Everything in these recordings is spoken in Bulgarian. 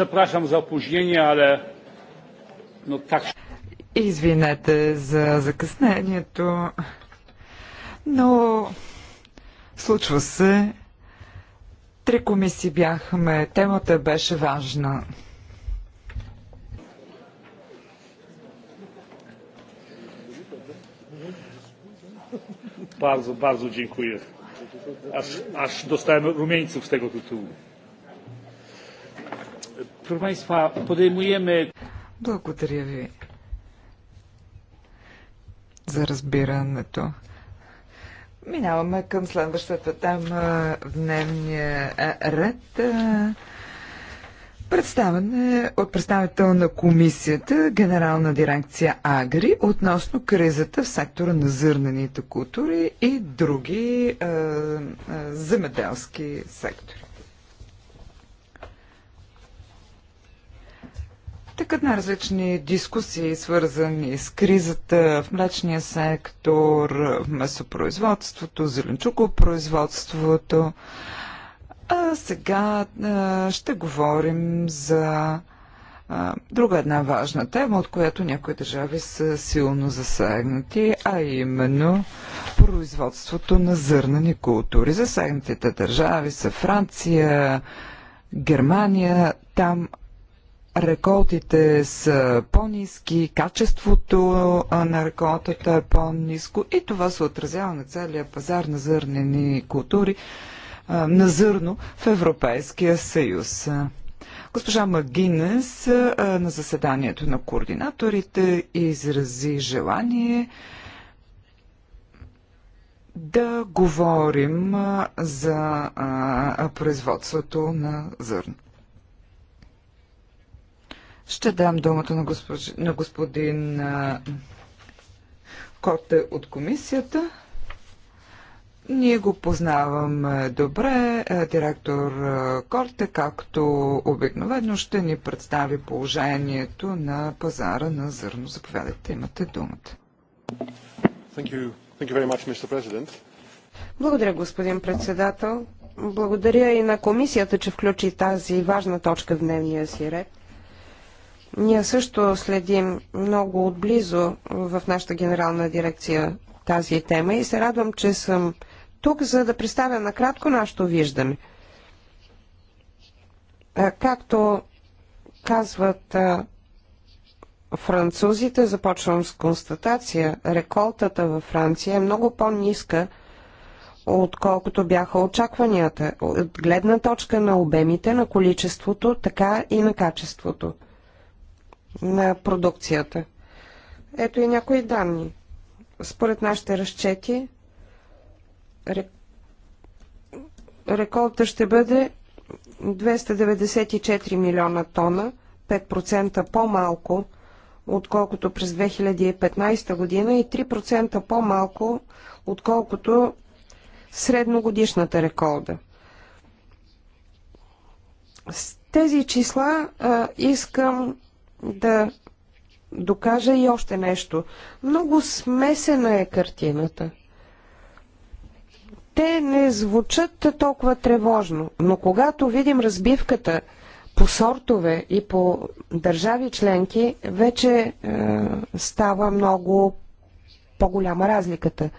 Przepraszam za opóźnienie, ale no tak. Извинете за закъснението, но случва се. Три комисии бяхме. Темата беше важна. Bardzo, bardzo dziękuję. Aż, aż dostałem rumieńców z tego tytułu. Proszę Państwa, podejmujemy... Благодаря ви за разбирането. Минаваме към следващата тема в дневния ред. Представене от представител на комисията, генерална дирекция Агри, относно кризата в сектора на зърнените култури и други е, е, земеделски сектори. текат на различни дискусии, свързани с кризата в млечния сектор, в месопроизводството, зеленчукопроизводството. А сега а, ще говорим за а, друга една важна тема, от която някои държави са силно засегнати, а именно производството на зърнени култури. Засегнатите държави са Франция, Германия, там реколтите са по-низки, качеството на реколтата е по-низко и това се отразява на целия пазар на зърнени култури на зърно в Европейския съюз. Госпожа Магинес на заседанието на координаторите изрази желание да говорим за производството на зърно. Ще дам думата на, госпож... на господин а, Коте от комисията. Ние го познаваме добре. Директор Корте, както обикновено, ще ни представи положението на пазара на зърно. Заповядайте, имате думата. Thank you. Thank you much, Благодаря, господин председател. Благодаря и на комисията, че включи тази важна точка в дневния си ред. Ние също следим много отблизо в нашата генерална дирекция тази тема и се радвам, че съм тук, за да представя накратко нашето виждане. Както казват французите, започвам с констатация, реколтата във Франция е много по-ниска, отколкото бяха очакванията, от гледна точка на обемите, на количеството, така и на качеството на продукцията. Ето и някои данни. Според нашите разчети, реколта ще бъде 294 милиона тона, 5% по-малко, отколкото през 2015 година и 3% по-малко, отколкото средногодишната реколда. С тези числа а, искам да докажа и още нещо. Много смесена е картината. Те не звучат толкова тревожно, но когато видим разбивката по сортове и по държави членки, вече е, става много по-голяма разликата.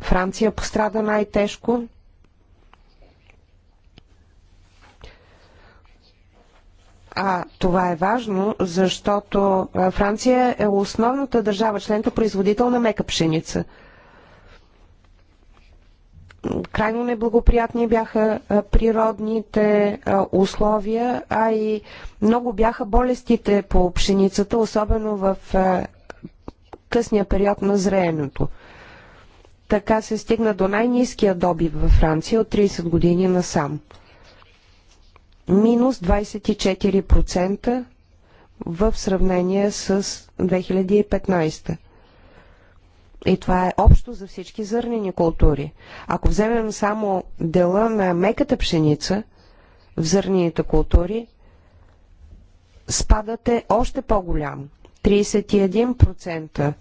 Франция пострада най-тежко, А това е важно, защото Франция е основната държава членка производител на мека пшеница. Крайно неблагоприятни бяха природните условия, а и много бяха болестите по пшеницата, особено в късния период на зреенето. Така се стигна до най-низкия добив във Франция от 30 години насам минус 24% в сравнение с 2015. И това е общо за всички зърнени култури. Ако вземем само дела на меката пшеница в зърнените култури, спадът е още по-голям. 31%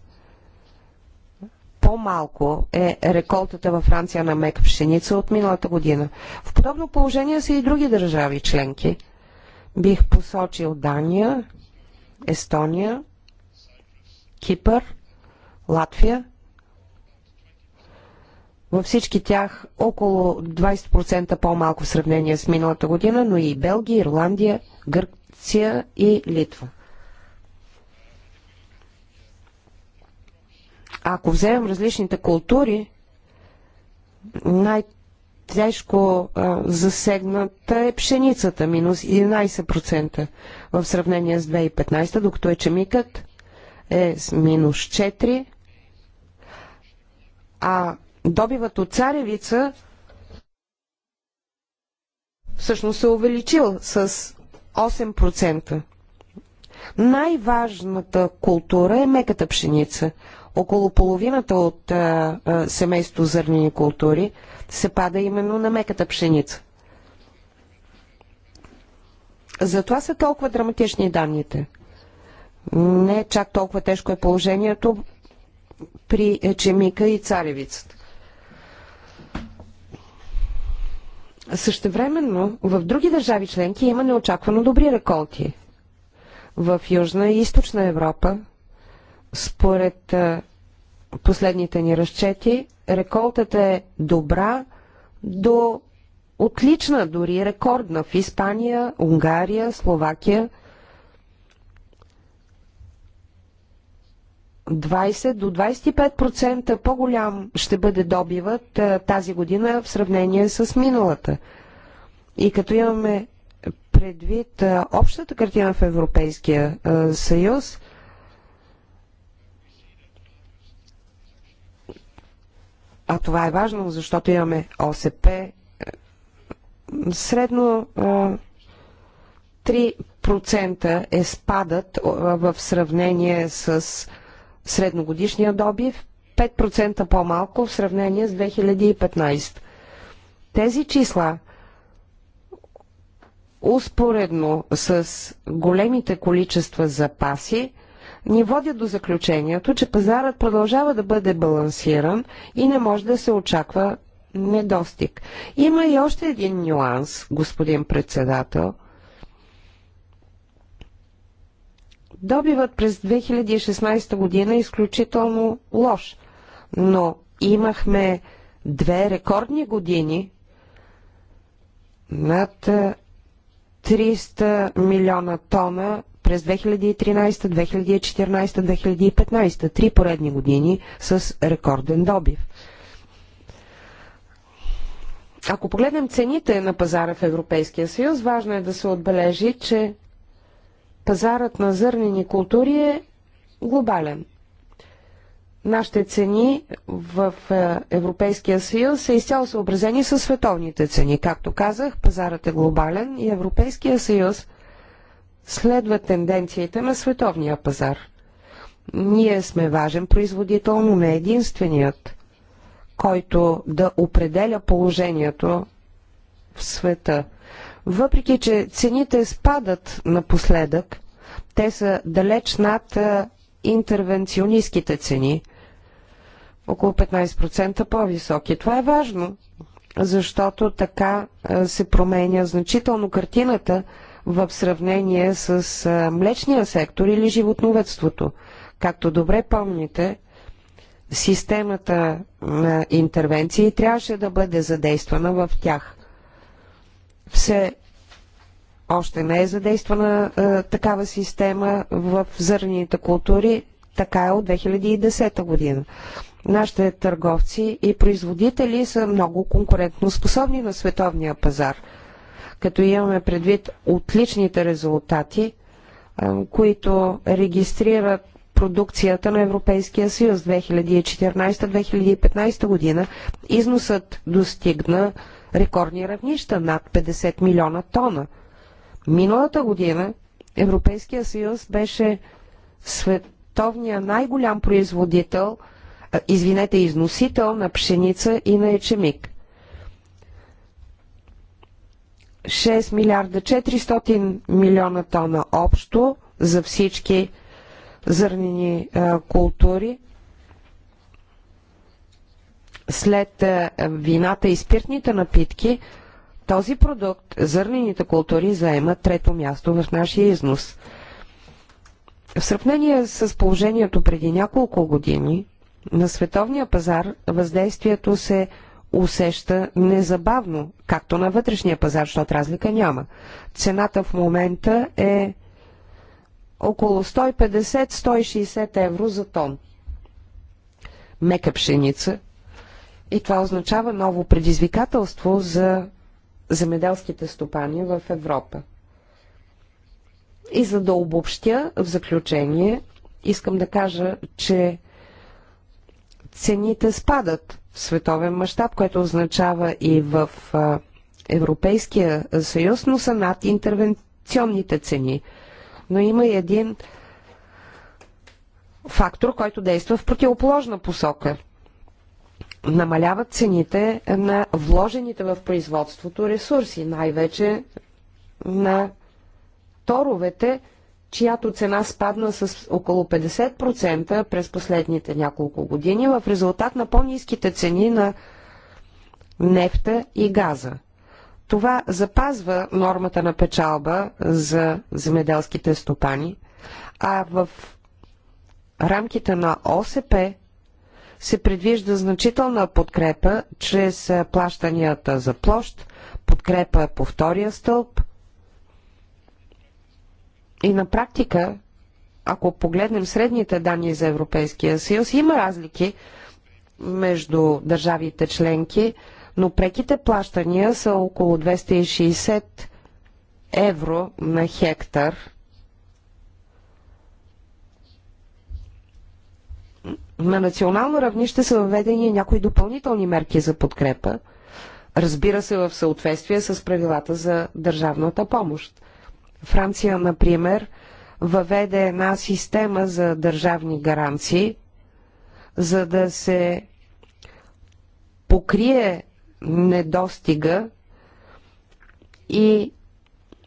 по-малко е реколтата във Франция на мека пшеница от миналата година. В подобно положение са и други държави членки. Бих посочил Дания, Естония, Кипър, Латвия. Във всички тях около 20% по-малко в сравнение с миналата година, но и Белгия, Ирландия, Гърция и Литва. Ако вземем различните култури, най-тежко засегната е пшеницата, минус 11% в сравнение с 2015, докато е чемикът е с минус 4%, а добивът от царевица всъщност се е увеличил с 8%. Най-важната култура е меката пшеница. Около половината от а, а, семейство зърнени култури се пада именно на меката пшеница. Затова са толкова драматични данните. Не чак толкова тежко е положението при Ечемика и Царевицата. Същевременно в други държави членки има неочаквано добри реколти. В Южна и Източна Европа според последните ни разчети, реколтата е добра до отлична, дори рекордна в Испания, Унгария, Словакия. 20 до 25% по-голям ще бъде добивът тази година в сравнение с миналата. И като имаме предвид общата картина в Европейския съюз, А това е важно, защото имаме ОСП е, средно 3% е, е спадът е, в сравнение с средногодишния добив, 5% по-малко в сравнение с 2015. Тези числа успоредно с големите количества запаси – ни водят до заключението, че пазарът продължава да бъде балансиран и не може да се очаква недостиг. Има и още един нюанс, господин председател. Добивът през 2016 година е изключително лош, но имахме две рекордни години над 300 милиона тона през 2013, 2014, 2015. Три поредни години с рекорден добив. Ако погледнем цените на пазара в Европейския съюз, важно е да се отбележи, че пазарът на зърнени култури е глобален. Нашите цени в е, Европейския съюз са изцяло съобразени с световните цени. Както казах, пазарът е глобален и Европейския съюз следва тенденциите на световния пазар. Ние сме важен производител, но не единственият, който да определя положението в света. Въпреки, че цените спадат напоследък, те са далеч над интервенционистските цени, около 15% по-високи. Това е важно, защото така се променя значително картината в сравнение с млечния сектор или животновътството. Както добре помните, системата на интервенции трябваше да бъде задействана в тях. Все още не е задействана е, такава система в зърнените култури, така е от 2010 година. Нашите търговци и производители са много конкурентно способни на световния пазар – като имаме предвид отличните резултати, които регистрират продукцията на Европейския съюз 2014-2015 година. Износът достигна рекордни равнища над 50 милиона тона. Миналата година Европейския съюз беше световния най-голям производител, извинете, износител на пшеница и на ечемик. 6 милиарда 400 милиона тона общо за всички зърнени култури. След вината и спиртните напитки, този продукт, зърнените култури, заема трето място в нашия износ. В сравнение с положението преди няколко години, на световния пазар въздействието се усеща незабавно, както на вътрешния пазар, защото разлика няма. Цената в момента е около 150-160 евро за тон. Мека пшеница. И това означава ново предизвикателство за земеделските стопани в Европа. И за да обобщя в заключение, искам да кажа, че цените спадат в световен мащаб, което означава и в Европейския съюз, но са над интервенционните цени. Но има и един фактор, който действа в противоположна посока. Намаляват цените на вложените в производството ресурси, най-вече на торовете, чиято цена спадна с около 50% през последните няколко години в резултат на по-низките цени на нефта и газа. Това запазва нормата на печалба за земеделските стопани, а в рамките на ОСП се предвижда значителна подкрепа чрез плащанията за площ, подкрепа по втория стълб – и на практика, ако погледнем средните данни за Европейския съюз, има разлики между държавите членки, но преките плащания са около 260 евро на хектар. На национално равнище са въведени някои допълнителни мерки за подкрепа, разбира се в съответствие с правилата за държавната помощ. Франция, например, въведе една система за държавни гаранции, за да се покрие недостига и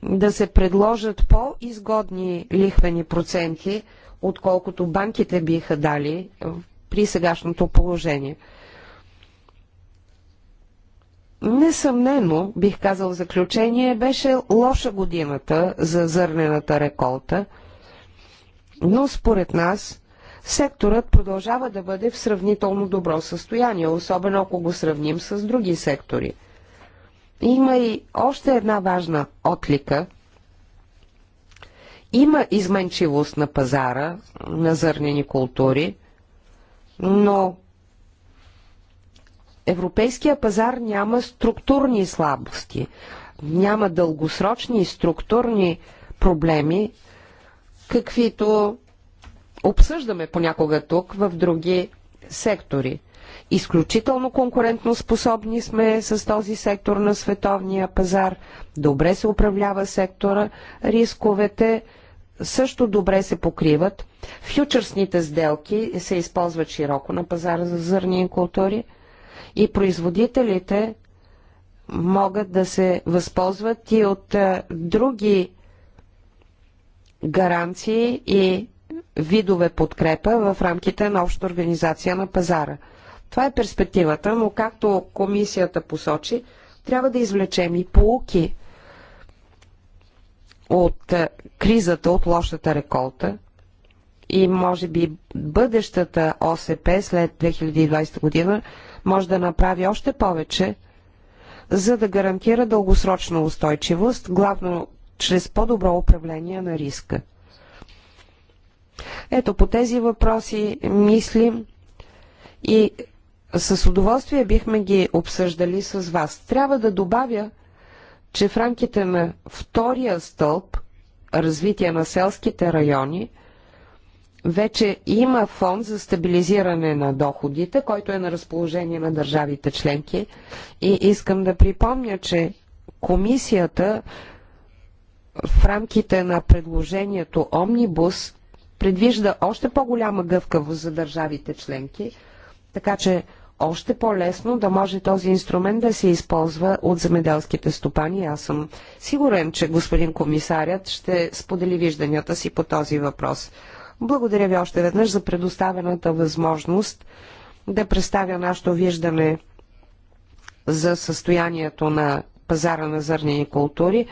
да се предложат по-изгодни лихвени проценти, отколкото банките биха дали при сегашното положение. Несъмнено, бих казал в заключение, беше лоша годината за зърнената реколта, но според нас секторът продължава да бъде в сравнително добро състояние, особено ако го сравним с други сектори. Има и още една важна отлика. Има изменчивост на пазара на зърнени култури, но европейския пазар няма структурни слабости, няма дългосрочни структурни проблеми, каквито обсъждаме понякога тук в други сектори. Изключително конкурентно способни сме с този сектор на световния пазар. Добре се управлява сектора. Рисковете също добре се покриват. Фьючерсните сделки се използват широко на пазара за зърни и култури – и производителите могат да се възползват и от други гаранции и видове подкрепа в рамките на обща организация на пазара. Това е перспективата, но както комисията посочи, трябва да извлечем и полуки от кризата, от лошата реколта, и може би бъдещата ОСП след 2020 година може да направи още повече, за да гарантира дългосрочна устойчивост, главно чрез по-добро управление на риска. Ето по тези въпроси мислим и с удоволствие бихме ги обсъждали с вас. Трябва да добавя, че в рамките на втория стълб развитие на селските райони – вече има фонд за стабилизиране на доходите, който е на разположение на държавите членки. И искам да припомня, че комисията в рамките на предложението Омнибус предвижда още по-голяма гъвкавост за държавите членки, така че още по-лесно да може този инструмент да се използва от земеделските стопани. Аз съм сигурен, че господин комисарят ще сподели вижданията си по този въпрос. Благодаря ви още веднъж за предоставената възможност да представя нашето виждане за състоянието на пазара на зърнени култури.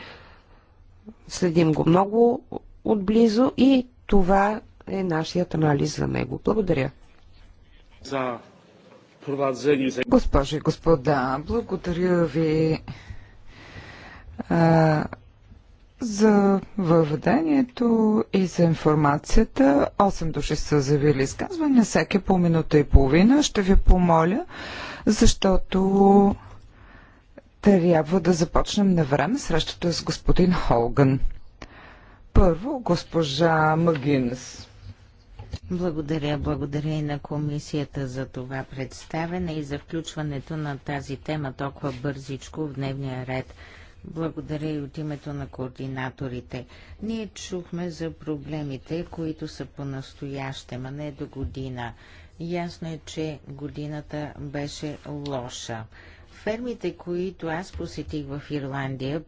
Следим го много отблизо и това е нашият анализ за него. Благодаря. За Госпожи и господа, благодаря ви за въведението и за информацията. 8 души са завили изказване, всеки е по минута и половина. Ще ви помоля, защото трябва да започнем на време срещата с господин Холган. Първо, госпожа Магинес. Благодаря, благодаря и на комисията за това представене и за включването на тази тема толкова бързичко в дневния ред. Благодаря и от името на координаторите. Ние чухме за проблемите, които са по-настоящем, а не до година. Ясно е, че годината беше лоша. Фермите, които аз посетих в Ирландия,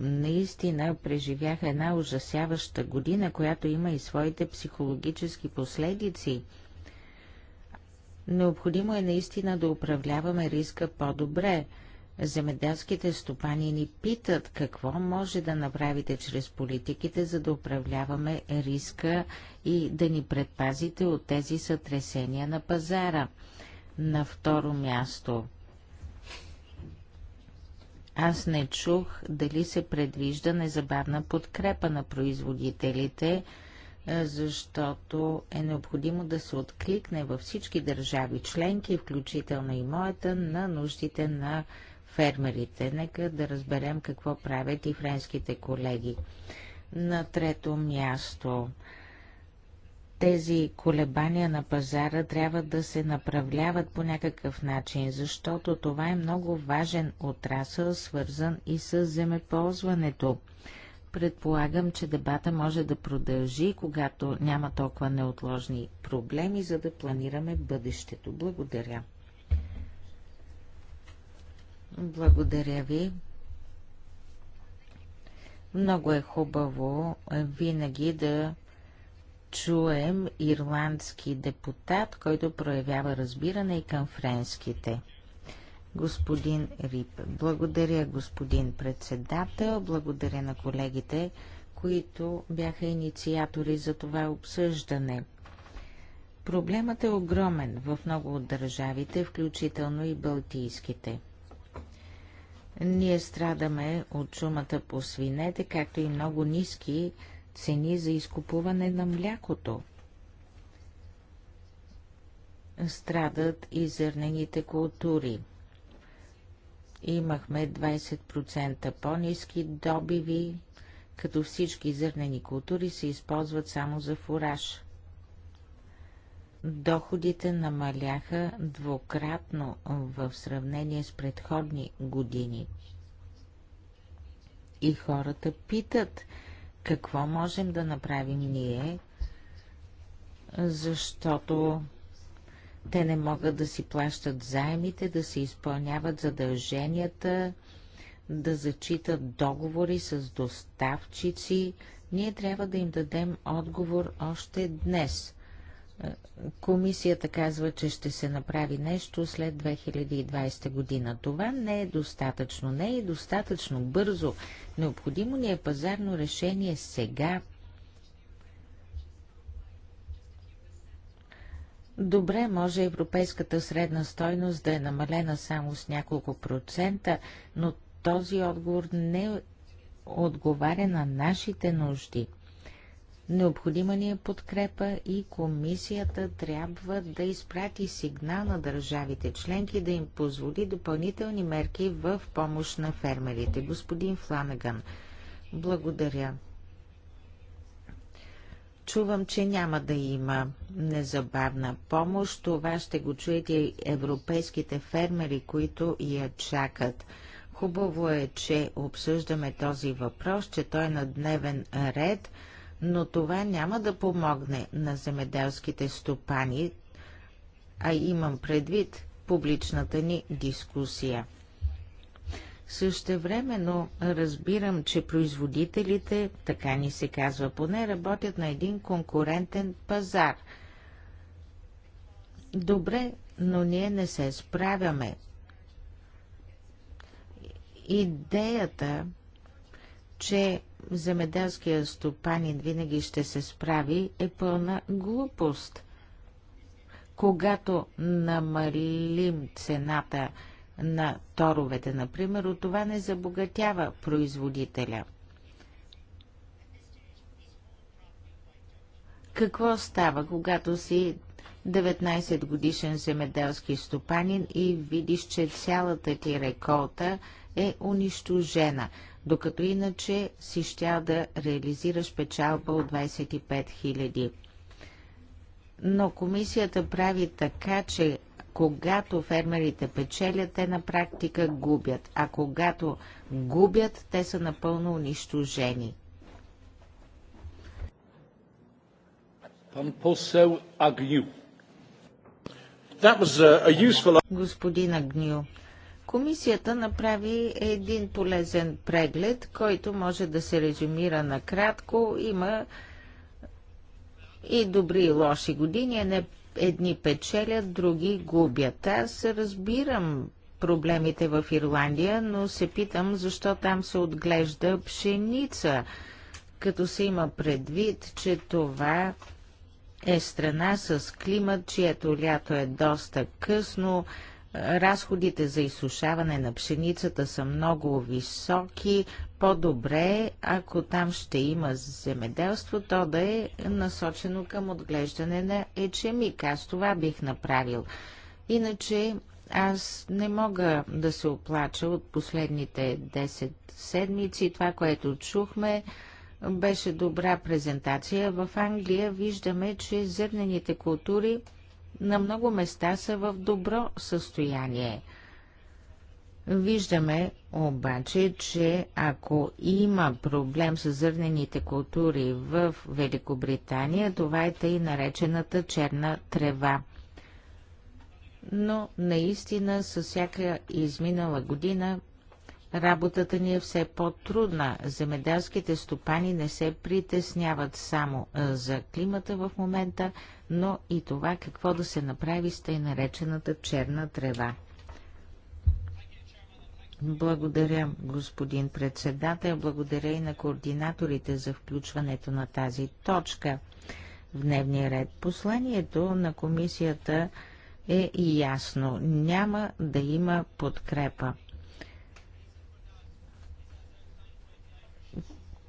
наистина преживяха една ужасяваща година, която има и своите психологически последици. Необходимо е наистина да управляваме риска по-добре. Земеделските стопани ни питат какво може да направите чрез политиките, за да управляваме риска и да ни предпазите от тези сътресения на пазара. На второ място. Аз не чух дали се предвижда незабавна подкрепа на производителите, е, защото е необходимо да се откликне във всички държави членки, включително и моята, на нуждите на фермерите. Нека да разберем какво правят и френските колеги. На трето място тези колебания на пазара трябва да се направляват по някакъв начин, защото това е много важен отрасъл, свързан и с земеползването. Предполагам, че дебата може да продължи, когато няма толкова неотложни проблеми, за да планираме бъдещето. Благодаря. Благодаря ви. Много е хубаво винаги да чуем ирландски депутат, който проявява разбиране и към френските. Господин Рип, благодаря господин председател, благодаря на колегите, които бяха инициатори за това обсъждане. Проблемът е огромен в много от държавите, включително и балтийските. Ние страдаме от чумата по свинете, както и много ниски цени за изкупуване на млякото. Страдат и зърнените култури. Имахме 20% по-низки добиви, като всички зърнени култури се използват само за фураж. Доходите намаляха двукратно в сравнение с предходни години. И хората питат, какво можем да направим ние, защото те не могат да си плащат заемите, да се изпълняват задълженията, да зачитат договори с доставчици. Ние трябва да им дадем отговор още днес – Комисията казва, че ще се направи нещо след 2020 година. Това не е достатъчно. Не е достатъчно бързо. Необходимо ни е пазарно решение сега. Добре, може европейската средна стойност да е намалена само с няколко процента, но този отговор не отговаря на нашите нужди – Необходима ни е подкрепа и комисията трябва да изпрати сигнал на държавите членки да им позволи допълнителни мерки в помощ на фермерите. Господин Фланаган, благодаря. Чувам, че няма да има незабавна помощ. Това ще го чуете и европейските фермери, които я чакат. Хубаво е, че обсъждаме този въпрос, че той е на дневен ред – но това няма да помогне на земеделските стопани, а имам предвид публичната ни дискусия. Същевременно разбирам, че производителите, така ни се казва поне, работят на един конкурентен пазар. Добре, но ние не се справяме. Идеята, че земеделския стопанин винаги ще се справи, е пълна глупост. Когато намалим цената на торовете, например, от това не забогатява производителя. Какво става, когато си 19 годишен земеделски стопанин и видиш, че цялата ти реколта е унищожена? докато иначе си щя да реализираш печалба от 25 000. Но комисията прави така, че когато фермерите печелят, те на практика губят, а когато губят, те са напълно унищожени. Господин Агню, Комисията направи един полезен преглед, който може да се резюмира накратко. Има и добри и лоши години, едни печелят, други губят. Аз разбирам проблемите в Ирландия, но се питам защо там се отглежда пшеница, като се има предвид, че това е страна с климат, чието лято е доста късно, Разходите за изсушаване на пшеницата са много високи. По-добре, ако там ще има земеделство, то да е насочено към отглеждане на ечемик. Аз това бих направил. Иначе аз не мога да се оплача от последните 10 седмици. Това, което чухме, беше добра презентация. В Англия виждаме, че зърнените култури на много места са в добро състояние. Виждаме обаче, че ако има проблем с зърнените култури в Великобритания, това е тъй наречената черна трева. Но наистина с всяка изминала година работата ни е все по-трудна. Земеделските стопани не се притесняват само за климата в момента, но и това какво да се направи с тъй наречената черна трева. Благодаря, господин председател. Благодаря и на координаторите за включването на тази точка в дневния ред. Посланието на комисията е ясно. Няма да има подкрепа.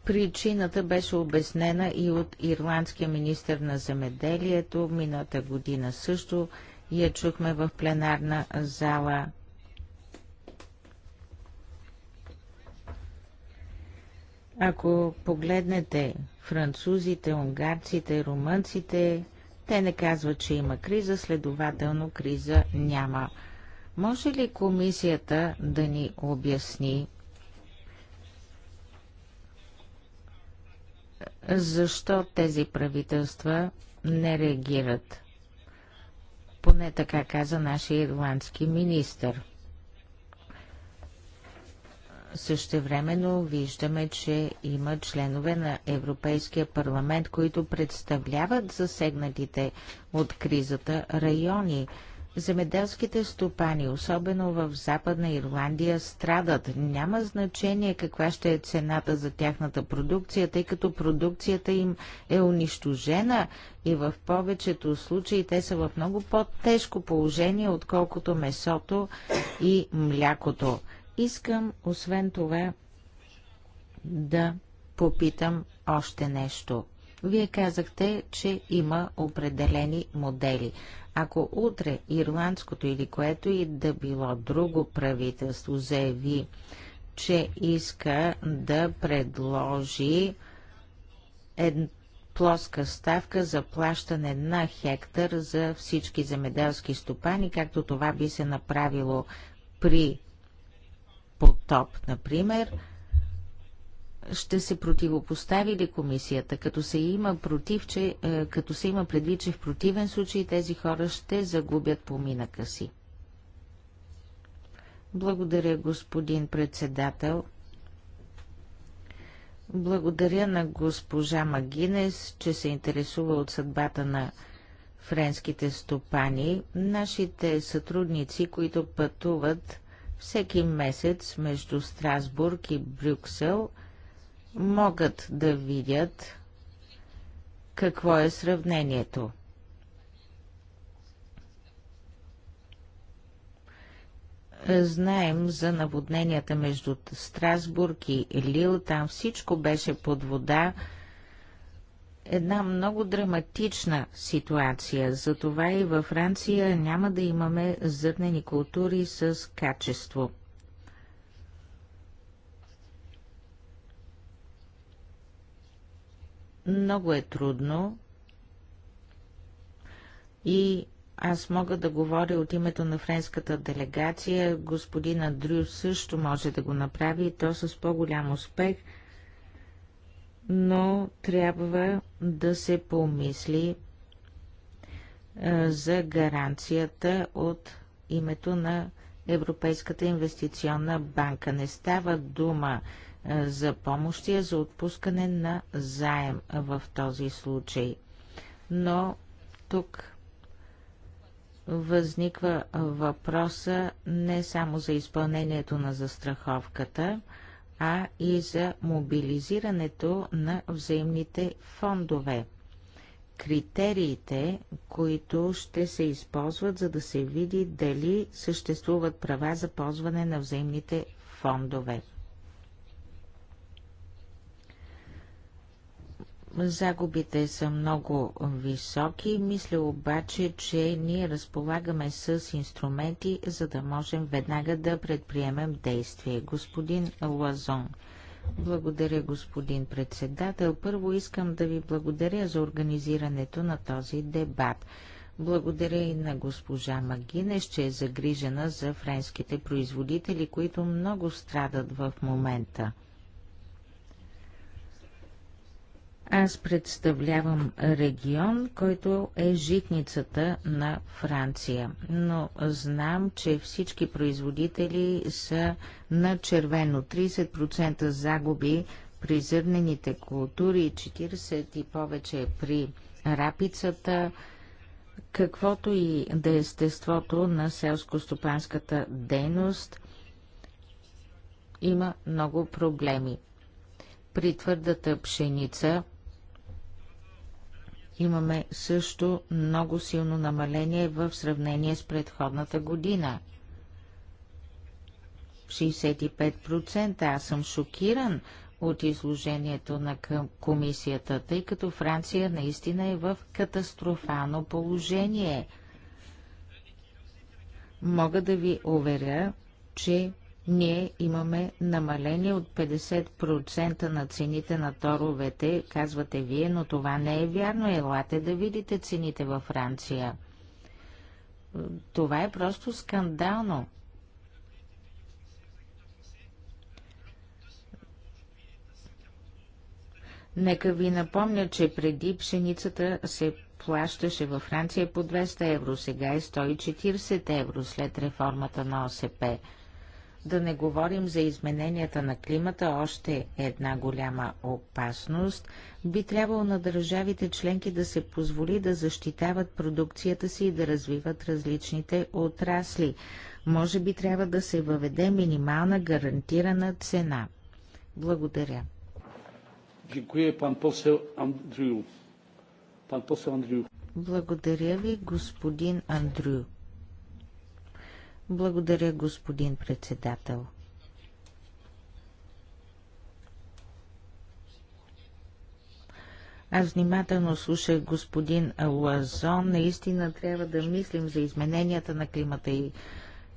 Причината беше обяснена и от ирландския министр на земеделието. миналата година също я чухме в пленарна зала. Ако погледнете французите, унгарците, румънците, те не казват, че има криза, следователно криза няма. Може ли комисията да ни обясни Защо тези правителства не реагират? Поне така каза нашия ирландски министр. Същевременно виждаме, че има членове на Европейския парламент, които представляват засегнатите от кризата райони. Земеделските стопани, особено в Западна Ирландия, страдат. Няма значение каква ще е цената за тяхната продукция, тъй като продукцията им е унищожена и в повечето случаи те са в много по-тежко положение, отколкото месото и млякото. Искам, освен това, да попитам още нещо. Вие казахте, че има определени модели. Ако утре ирландското или което и да било друго правителство заяви, че иска да предложи една плоска ставка за плащане на хектар за всички земеделски стопани, както това би се направило при потоп, например – ще се противопостави ли комисията, като се има, против, че, е, като се има предвид, че в противен случай тези хора ще загубят поминъка си? Благодаря, господин председател. Благодаря на госпожа Магинес, че се интересува от съдбата на френските стопани. Нашите сътрудници, които пътуват всеки месец между Страсбург и Брюксел – могат да видят какво е сравнението. Знаем за наводненията между Страсбург и Лил, там всичко беше под вода. Една много драматична ситуация, затова и във Франция няма да имаме зърнени култури с качество. Много е трудно и аз мога да говоря от името на френската делегация. Господина Дрю също може да го направи и то с по-голям успех, но трябва да се помисли е, за гаранцията от името на Европейската инвестиционна банка. Не става дума е, за помощи, за отпускане на заем в този случай. Но тук възниква въпроса не само за изпълнението на застраховката, а и за мобилизирането на взаимните фондове. Критериите, които ще се използват, за да се види дали съществуват права за ползване на взаимните фондове. Загубите са много високи, мисля обаче, че ние разполагаме с инструменти, за да можем веднага да предприемем действие. Господин Лазон, благодаря господин председател. Първо искам да ви благодаря за организирането на този дебат. Благодаря и на госпожа Магинеш, че е загрижена за френските производители, които много страдат в момента. Аз представлявам регион, който е житницата на Франция, но знам, че всички производители са на червено 30% загуби при зърнените култури, 40% и повече при рапицата, каквото и да е естеството на селско-стопанската дейност, има много проблеми. При твърдата пшеница имаме също много силно намаление в сравнение с предходната година. 65%. Аз съм шокиран от изложението на комисията, тъй като Франция наистина е в катастрофално положение. Мога да ви уверя, че ние имаме намаление от 50% на цените на торовете, казвате вие, но това не е вярно. Елате да видите цените във Франция. Това е просто скандално. Нека ви напомня, че преди пшеницата се плащаше във Франция по 200 евро, сега е 140 евро след реформата на ОСП. Да не говорим за измененията на климата, още една голяма опасност. Би трябвало на държавите членки да се позволи да защитават продукцията си и да развиват различните отрасли. Може би трябва да се въведе минимална гарантирана цена. Благодаря. Благодаря ви, господин Андрю. Благодаря, господин председател. Аз внимателно слушах господин Лазон. Наистина трябва да мислим за измененията на климата и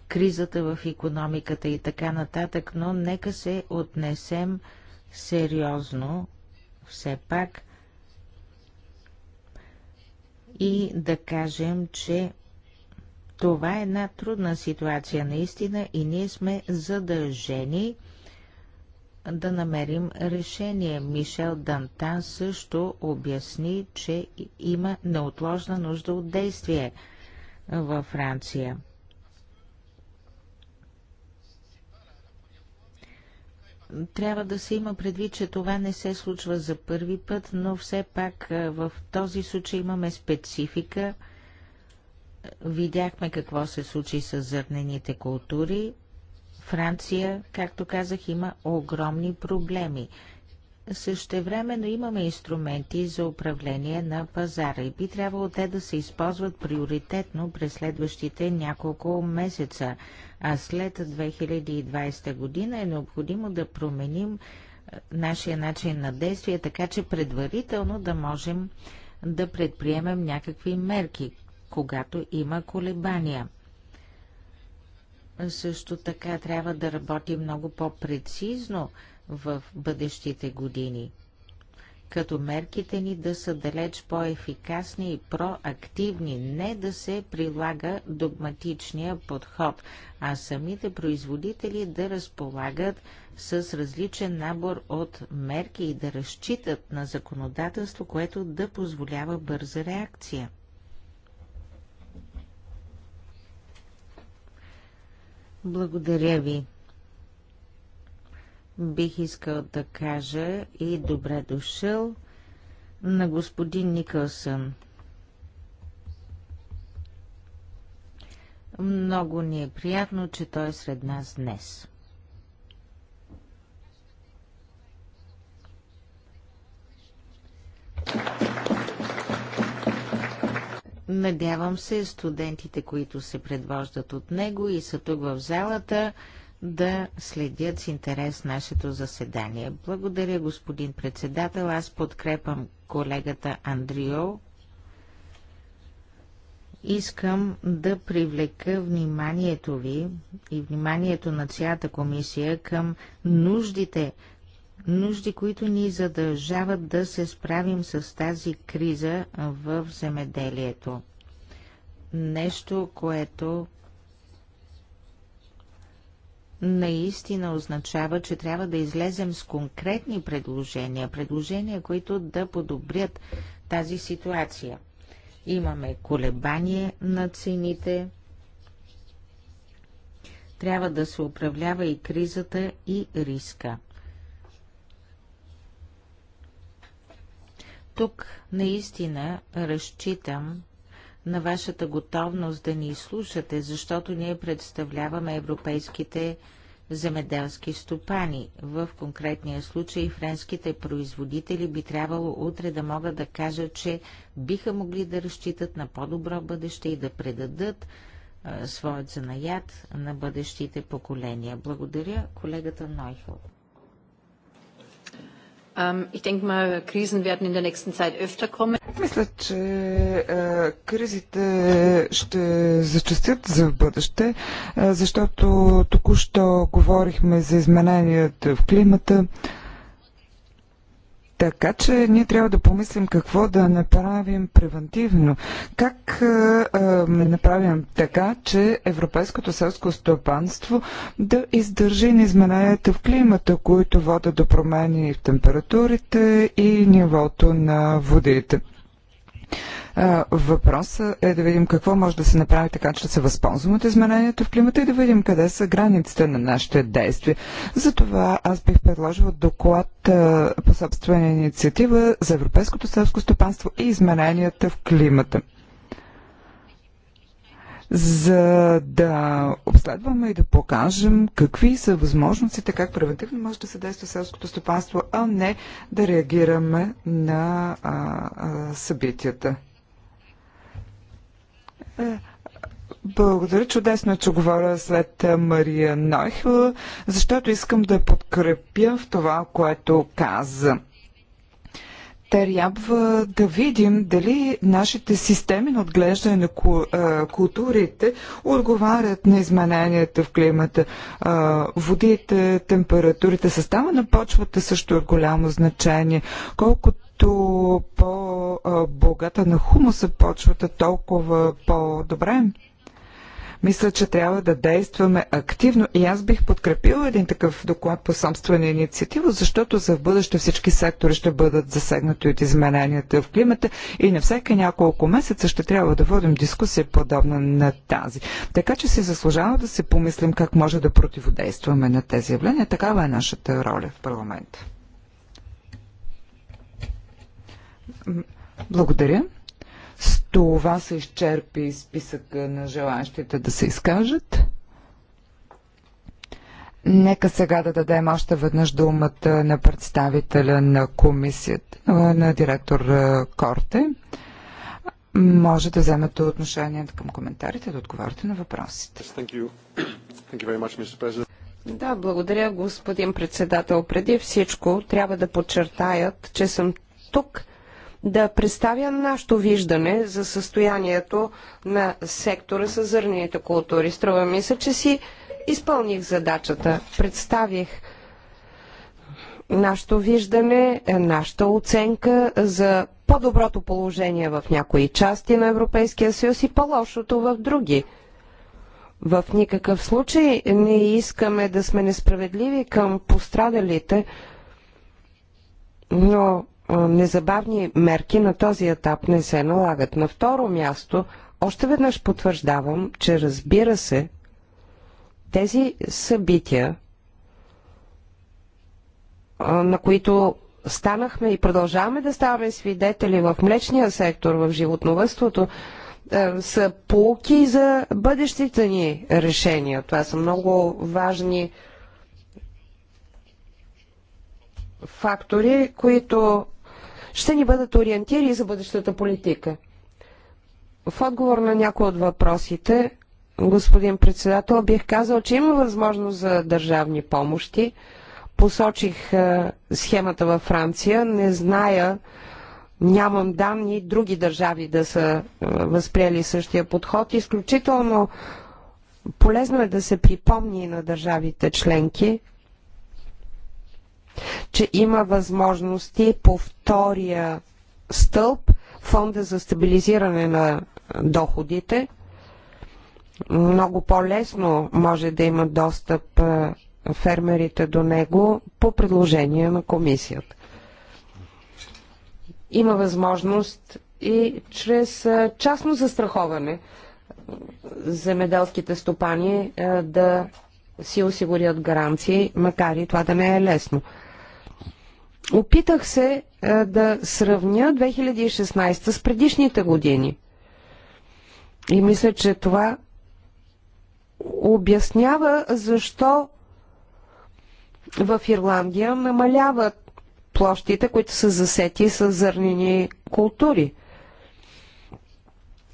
кризата в економиката и така нататък, но нека се отнесем сериозно все пак и да кажем, че това е една трудна ситуация наистина и ние сме задължени да намерим решение. Мишел Дантан също обясни, че има неотложна нужда от действие във Франция. Трябва да се има предвид, че това не се случва за първи път, но все пак в този случай имаме специфика – Видяхме какво се случи с зърнените култури. Франция, както казах, има огромни проблеми. Същевременно имаме инструменти за управление на пазара и би трябвало те да се използват приоритетно през следващите няколко месеца, а след 2020 година е необходимо да променим е, нашия начин на действие, така че предварително да можем да предприемем някакви мерки когато има колебания. Също така трябва да работи много по-прецизно в бъдещите години, като мерките ни да са далеч по-ефикасни и проактивни, не да се прилага догматичния подход, а самите производители да разполагат с различен набор от мерки и да разчитат на законодателство, което да позволява бърза реакция. Благодаря ви. Бих искал да кажа и добре дошъл на господин Никълсън. Много ни е приятно, че той е сред нас днес. Thank you. Надявам се студентите, които се предвождат от него и са тук в залата, да следят с интерес нашето заседание. Благодаря, господин председател. Аз подкрепам колегата Андрио. Искам да привлека вниманието ви и вниманието на цялата комисия към нуждите нужди, които ни задължават да се справим с тази криза в земеделието. Нещо, което наистина означава, че трябва да излезем с конкретни предложения, предложения, които да подобрят тази ситуация. Имаме колебание на цените, трябва да се управлява и кризата и риска. Тук наистина разчитам на вашата готовност да ни изслушате, защото ние представляваме европейските земеделски стопани. В конкретния случай френските производители би трябвало утре да могат да кажат, че биха могли да разчитат на по-добро бъдеще и да предадат своят занаят на бъдещите поколения. Благодаря колегата Нойхъл. Ähm, ich denke mal, Krisen werden in der nächsten Zeit öfter kommen. Мисля, че е, кризите ще зачастят за бъдеще, е, защото току-що говорихме за измененията в климата. Така че ние трябва да помислим какво да направим превентивно. Как да направим така, че европейското селско стопанство да издържи на измененията в климата, които водят до промени в температурите и нивото на водите. Въпросът е да видим какво може да се направи така, че да се възползваме от изменението в климата и да видим къде са границите на нашите действия. Затова аз бих предложил доклад по собствена инициатива за европейското селско стопанство и измененията в климата за да обследваме и да покажем какви са възможностите, как превентивно може да се действа селското стопанство, а не да реагираме на а, а, събитията. Е, благодаря чудесно, че говоря след Мария Нойхл, защото искам да подкрепя в това, което каза трябва да видим дали нашите системи на отглеждане на културите отговарят на измененията в климата. Водите, температурите, състава на почвата също е голямо значение. Колкото по-богата на хумуса почвата, толкова по-добре. Мисля, че трябва да действаме активно и аз бих подкрепил един такъв доклад по собствена инициатива, защото за в бъдеще всички сектори ще бъдат засегнати от измененията в климата и на всеки няколко месеца ще трябва да водим дискусия подобна на тази. Така че си заслужава да се помислим как може да противодействаме на тези явления. Такава е нашата роля в парламента. Благодаря това се изчерпи списъка на желаящите да се изкажат. Нека сега да дадем още веднъж думата на представителя на комисията, на директор е, Корте. Може да вземете отношение към коментарите, да отговорите на въпросите. Да, благодаря, господин председател. Преди всичко трябва да подчертаят, че съм тук – да представя нашето виждане за състоянието на сектора с зърнените култури. Струва ми се, че си изпълних задачата. Представих нашето виждане, нашата оценка за по-доброто положение в някои части на Европейския съюз и по-лошото в други. В никакъв случай не искаме да сме несправедливи към пострадалите, но незабавни мерки на този етап не се налагат. На второ място, още веднъж потвърждавам, че разбира се, тези събития, на които станахме и продължаваме да ставаме свидетели в млечния сектор, в животновътството, са полуки за бъдещите ни решения. Това са много важни фактори, които ще ни бъдат ориентири за бъдещата политика. В отговор на някои от въпросите, господин председател, бих казал, че има възможност за държавни помощи. Посочих е, схемата във Франция. Не зная, нямам данни, други държави да са е, възприели същия подход. Изключително полезно е да се припомни на държавите членки, че има възможности по втория стълб фонда за стабилизиране на доходите. Много по-лесно може да има достъп е, фермерите до него по предложение на комисията. Има възможност и чрез е, частно застраховане земеделските стопани е, да си осигурят гаранции, макар и това да не е лесно. Опитах се е, да сравня 2016 с предишните години. И мисля, че това обяснява защо в Ирландия намаляват площите, които са засети с зърнени култури.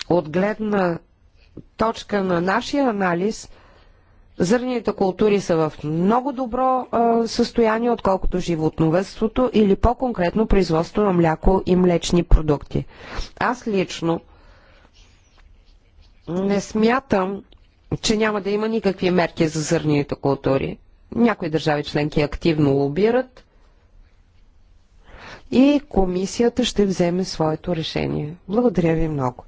От гледна точка на нашия анализ – Зърнените култури са в много добро а, състояние, отколкото животновътството или по-конкретно производство на мляко и млечни продукти. Аз лично не смятам, че няма да има никакви мерки за зърнените култури. Някои държави членки активно лобират и комисията ще вземе своето решение. Благодаря ви много.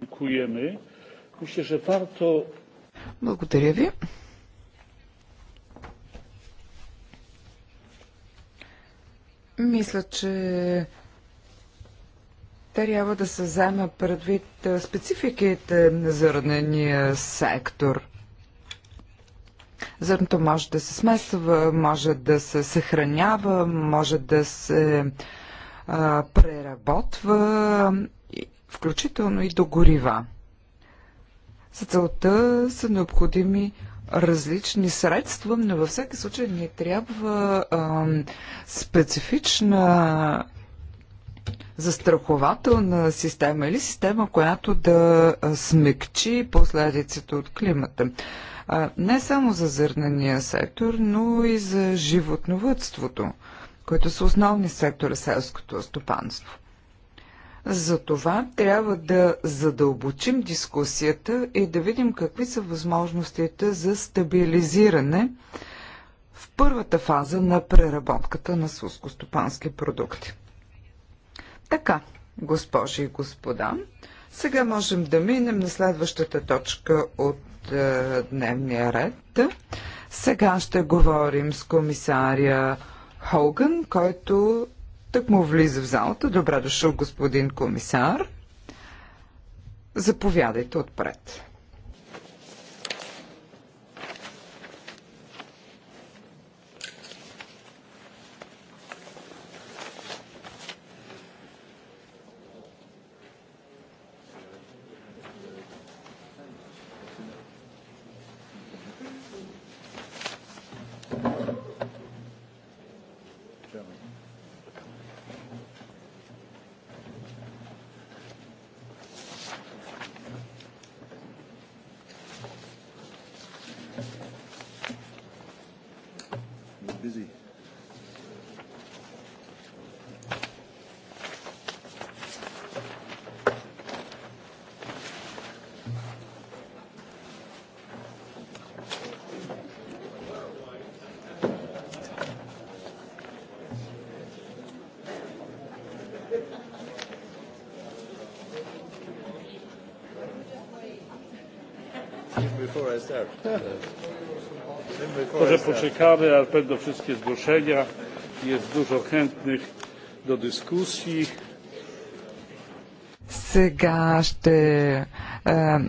Dziękujemy. Myślę, że warto благодаря ви. Мисля, че трябва да се вземе предвид спецификите на зърнения сектор. Зърното може да се смесва, може да се съхранява, може да се а, преработва, включително и до горива. За целта са необходими различни средства, но във всеки случай ни трябва а, специфична застрахователна система или система, която да смекчи последиците от климата. А, не само за зърнения сектор, но и за животновътството, което са основни сектори селското стопанство. За това трябва да задълбочим дискусията и да видим какви са възможностите за стабилизиране в първата фаза на преработката на сълскостопански продукти. Така, госпожи и господа, сега можем да минем на следващата точка от е, дневния ред. Сега ще говорим с комисаря Хоган, който Тък му влиза в залата. Добре дошъл, господин комисар. Заповядайте отпред. Może poczekamy, ale będą wszystkie zgłoszenia. Jest dużo chętnych do dyskusji. Сега ще е,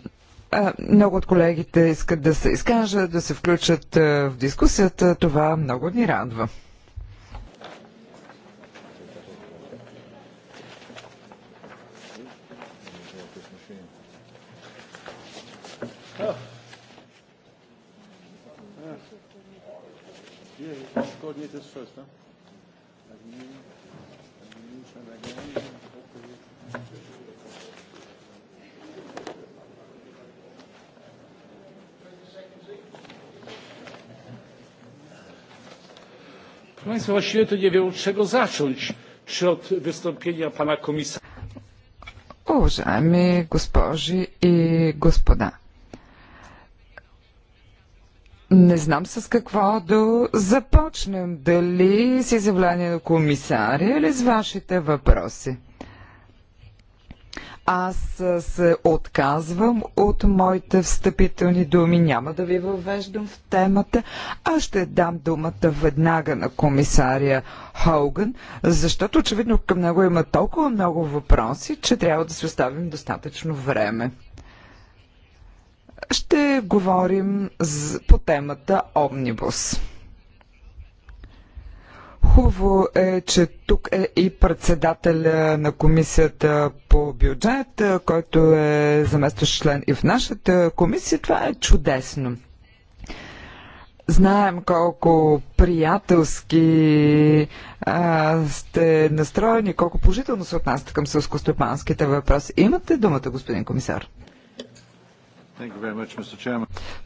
е, много от колегите искат да се изкажат, да се включат е, в дискусията. Това много ни радва. Państwa, właściwie to nie wiem, od czego zacząć. Czy od wystąpienia pana komisarza? Уважаеми госпожи и господа, не знам с какво да започнем. Дали с изявление на комисаря или с вашите въпроси? Аз се отказвам от моите встъпителни думи, няма да ви въвеждам в темата, а ще дам думата веднага на комисария Хоган, защото очевидно към него има толкова много въпроси, че трябва да се оставим достатъчно време. Ще говорим по темата Омнибус. Хубаво е, че тук е и председателя на комисията по бюджет, е, който е заместващ член и в нашата комисия. Това е чудесно. Знаем колко приятелски а, сте настроени, колко положително се отнасяте към сълскостопанските въпроси. Имате думата, господин комисар.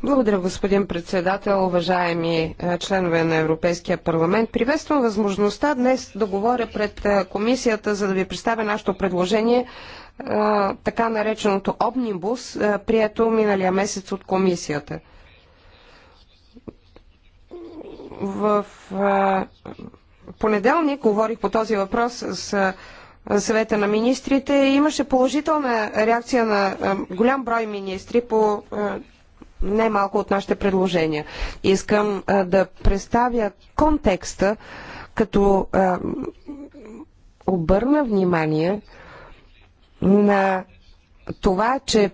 Благодаря, господин председател, уважаеми членове на Европейския парламент. Приветствам възможността днес да говоря пред комисията, за да ви представя нашето предложение, така нареченото Обнибус, прието миналия месец от комисията. В понеделник говорих по този въпрос с съвета на министрите имаше положителна реакция на голям брой министри по немалко от нашите предложения. Искам да представя контекста, като обърна внимание на това, че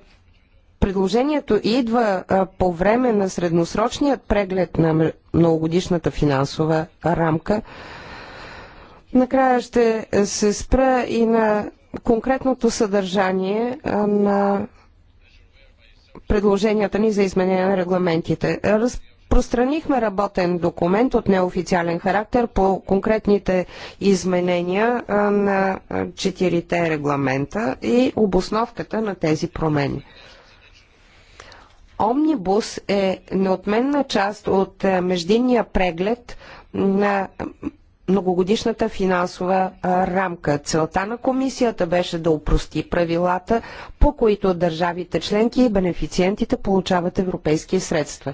предложението идва по време на средносрочният преглед на многогодишната финансова рамка – Накрая ще се спра и на конкретното съдържание на предложенията ни за изменение на регламентите. Разпространихме работен документ от неофициален характер по конкретните изменения на четирите регламента и обосновката на тези промени. Омнибус е неотменна част от междинния преглед на многогодишната финансова рамка. Целта на комисията беше да упрости правилата, по които държавите членки и бенефициентите получават европейски средства.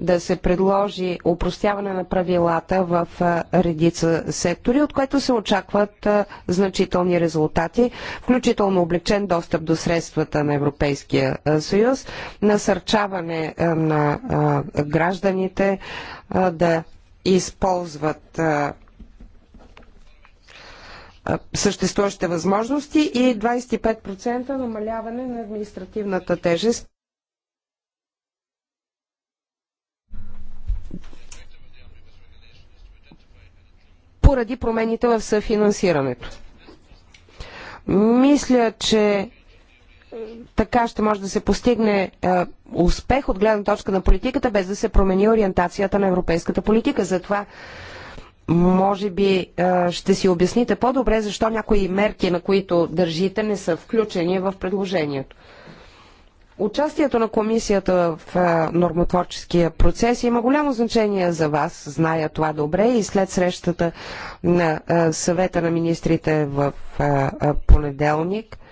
Да се предложи упростяване на правилата в редица сектори, от което се очакват значителни резултати, включително облегчен достъп до средствата на Европейския съюз, насърчаване на гражданите да използват съществуващите възможности и 25% намаляване на административната тежест. поради промените в съфинансирането. Мисля, че е, така ще може да се постигне е, успех от гледна точка на политиката, без да се промени ориентацията на европейската политика. Затова може би е, ще си обясните по-добре защо някои мерки, на които държите, не са включени в предложението. Участието на комисията в е, нормотворческия процес има голямо значение за вас, зная това добре и след срещата на е, съвета на министрите в понеделник –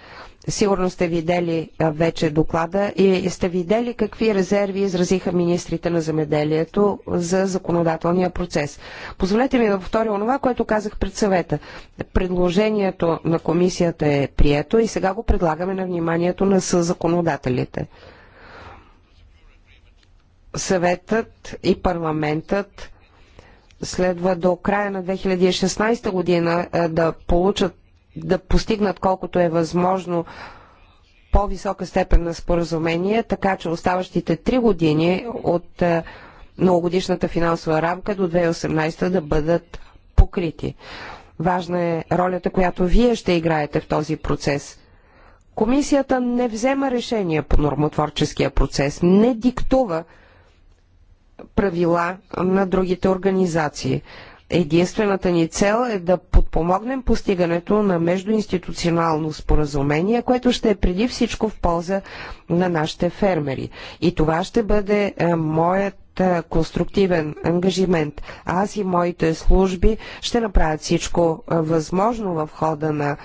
Сигурно сте видели вече доклада и сте видели какви резерви изразиха министрите на земеделието за законодателния процес. Позволете ми да повторя онова, което казах пред съвета. Предложението на комисията е прието и сега го предлагаме на вниманието на съзаконодателите. Съветът и парламентът следва до края на 2016 година да получат да постигнат колкото е възможно по-висока степен на споразумение, така че оставащите три години от е, многогодишната финансова рамка до 2018 да бъдат покрити. Важна е ролята, която вие ще играете в този процес. Комисията не взема решения по нормотворческия процес, не диктува правила на другите организации. Единствената ни цел е да подпомогнем постигането на междуинституционално споразумение, което ще е преди всичко в полза на нашите фермери. И това ще бъде е, моят е, конструктивен ангажимент. Аз и моите служби ще направят всичко е, възможно в хода на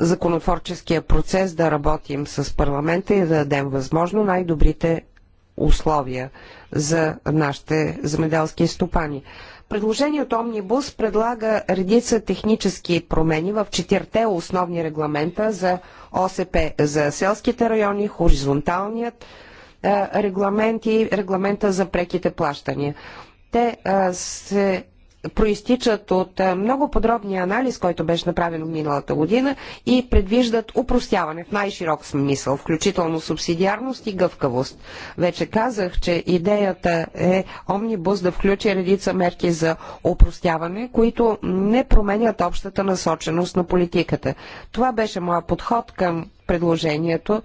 законотворческия процес да работим с парламента и да дадем възможно най-добрите условия за нашите земеделски стопани. Предложението Омнибус предлага редица технически промени в четирте основни регламента за ОСП, за селските райони, хоризонталният е, регламент и регламента за преките плащания. Те е, се проистичат от е, много подробния анализ, който беше направен миналата година и предвиждат упростяване в най-широк смисъл, включително субсидиарност и гъвкавост. Вече казах, че идеята е Омнибус да включи редица мерки за упростяване, които не променят общата насоченост на политиката. Това беше моят подход към предложението.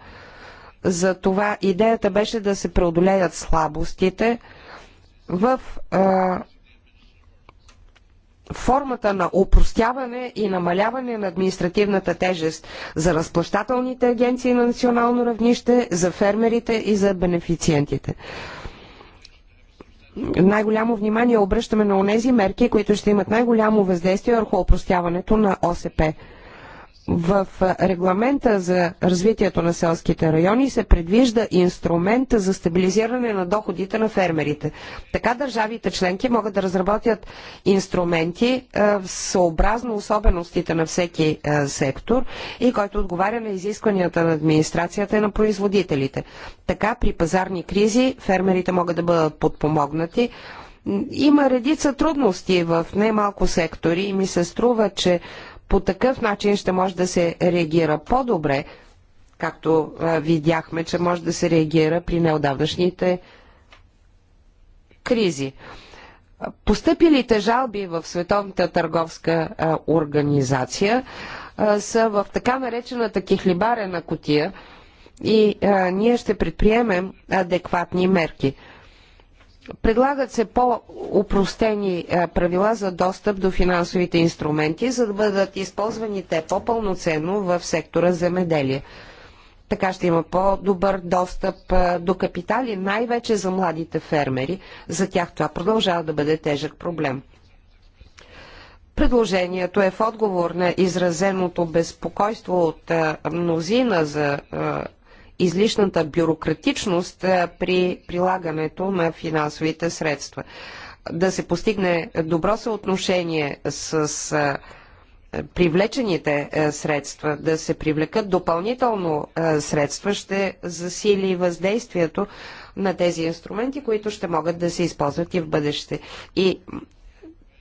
За това идеята беше да се преодолеят слабостите в а, е, формата на упростяване и намаляване на административната тежест за разплащателните агенции на национално равнище, за фермерите и за бенефициентите. Най-голямо внимание обръщаме на онези мерки, които ще имат най-голямо въздействие върху опростяването на ОСП. В регламента за развитието на селските райони се предвижда инструмент за стабилизиране на доходите на фермерите. Така държавите членки могат да разработят инструменти е, съобразно особеностите на всеки е, сектор и който отговаря на изискванията на администрацията и на производителите. Така при пазарни кризи фермерите могат да бъдат подпомогнати има редица трудности в немалко сектори и ми се струва, че по такъв начин ще може да се реагира по-добре, както видяхме, че може да се реагира при неодавнашните кризи. Постъпилите жалби в Световната търговска организация са в така наречената кихлибарена котия и ние ще предприемем адекватни мерки. Предлагат се по-упростени е, правила за достъп до финансовите инструменти, за да бъдат използвани те по-пълноценно в сектора земеделие. Така ще има по-добър достъп е, до капитали, най-вече за младите фермери. За тях това продължава да бъде тежък проблем. Предложението е в отговор на изразеното безпокойство от е, мнозина за излишната бюрократичност при прилагането на финансовите средства. Да се постигне добро съотношение с привлечените средства, да се привлекат допълнително средства, ще засили въздействието на тези инструменти, които ще могат да се използват и в бъдеще. И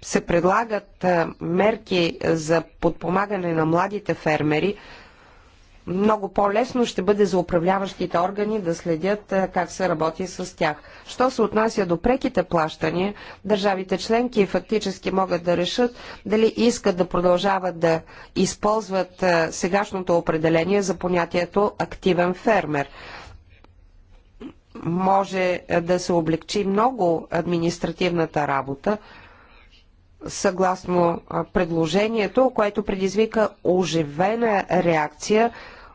се предлагат мерки за подпомагане на младите фермери много по-лесно ще бъде за управляващите органи да следят как се работи с тях. Що се отнася до преките плащания, държавите членки фактически могат да решат дали искат да продължават да използват сегашното определение за понятието активен фермер. Може да се облегчи много административната работа, съгласно предложението, което предизвика оживена реакция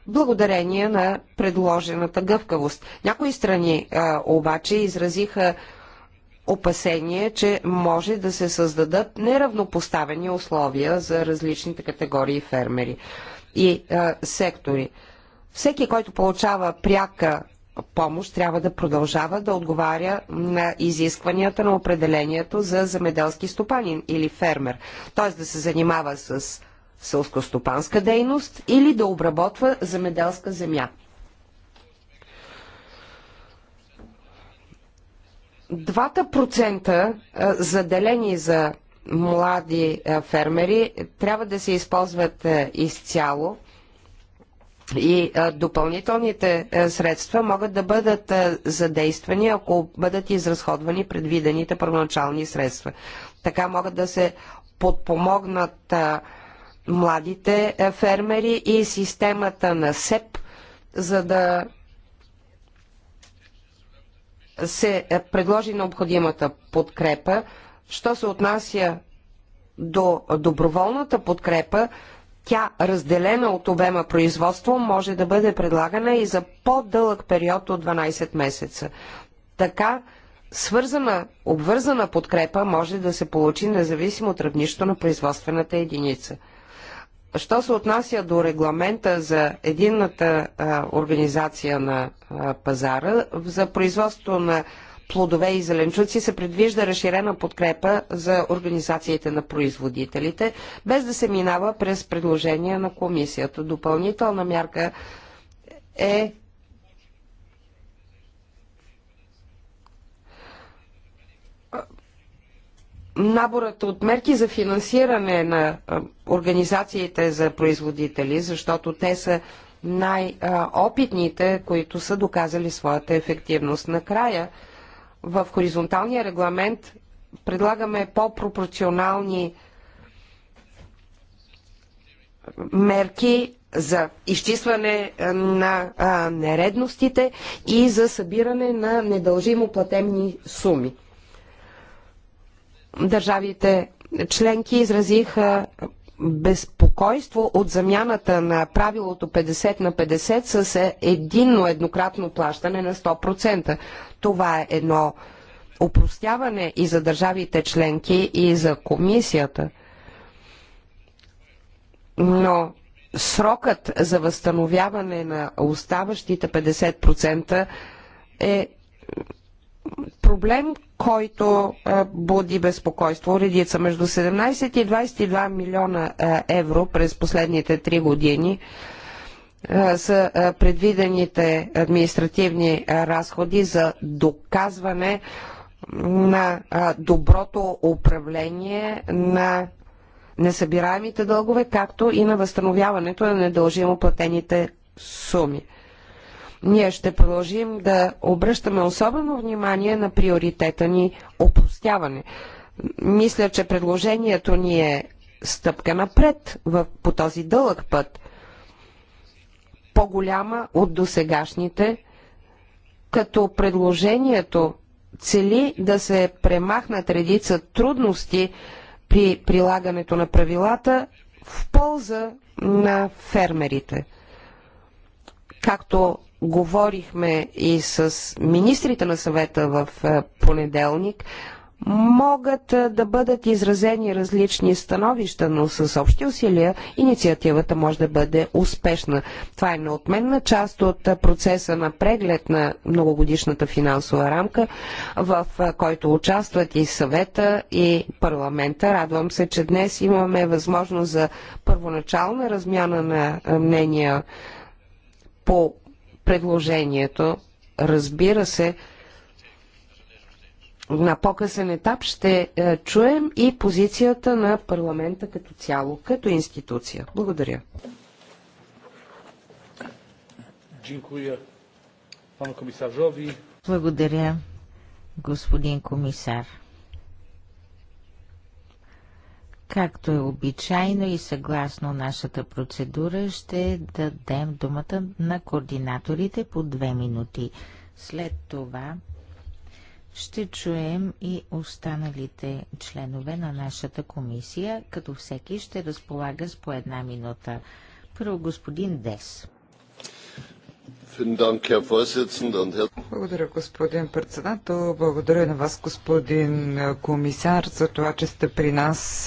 благодарение на предложената гъвкавост. Някои страни а, обаче изразиха опасение, че може да се създадат неравнопоставени условия за различните категории фермери и а, сектори. Всеки, който получава пряка помощ, трябва да продължава да отговаря на изискванията на определението за земеделски стопанин или фермер, т.е. да се занимава с сълскостопанска дейност или да обработва земеделска земя. Двата процента заделени за млади фермери трябва да се използват изцяло и допълнителните средства могат да бъдат задействани, ако бъдат изразходвани предвидените първоначални средства. Така могат да се подпомогнат младите е, фермери и системата на СЕП, за да се е, предложи необходимата подкрепа. Що се отнася до доброволната подкрепа, тя, разделена от обема производство, може да бъде предлагана и за по-дълъг период от 12 месеца. Така, свързана, обвързана подкрепа може да се получи независимо от равнището на производствената единица. Що се отнася до регламента за единната а, организация на а, пазара, за производство на плодове и зеленчуци се предвижда разширена подкрепа за организациите на производителите, без да се минава през предложения на комисията. Допълнителна мярка е наборът от мерки за финансиране на организациите за производители, защото те са най-опитните, които са доказали своята ефективност. Накрая, в хоризонталния регламент предлагаме по-пропорционални мерки за изчистване на нередностите и за събиране на недължимо платемни суми държавите членки изразиха безпокойство от замяната на правилото 50 на 50 с е, единно еднократно плащане на 100%. Това е едно опростяване и за държавите членки, и за комисията. Но срокът за възстановяване на оставащите 50% е проблем, който е, буди безпокойство. Редица между 17 и 22 милиона е, евро през последните 3 години е, са предвидените административни разходи за доказване на доброто управление на несъбираемите дългове, както и на възстановяването на недължимо платените суми. Ние ще продължим да обръщаме особено внимание на приоритета ни опростяване. Мисля, че предложението ни е стъпка напред в, по този дълъг път, по-голяма от досегашните, като предложението цели да се премахнат редица трудности при прилагането на правилата в полза на фермерите. Както говорихме и с министрите на съвета в е, понеделник, могат е, да бъдат изразени различни становища, но с общи усилия инициативата може да бъде успешна. Това е неотменна част от е, процеса на преглед на многогодишната финансова рамка, в който участват и съвета и парламента. Радвам се, че днес имаме възможност за първоначална размяна на мнения по предложението. Разбира се, на по-късен етап ще е, чуем и позицията на парламента като цяло, като институция. Благодаря. Благодаря, господин комисар. Както е обичайно и съгласно нашата процедура, ще дадем думата на координаторите по две минути. След това ще чуем и останалите членове на нашата комисия, като всеки ще разполага с по една минута. Първо господин Дес. Благодаря, господин председател. Благодаря на вас, господин комисар, за това, че сте при нас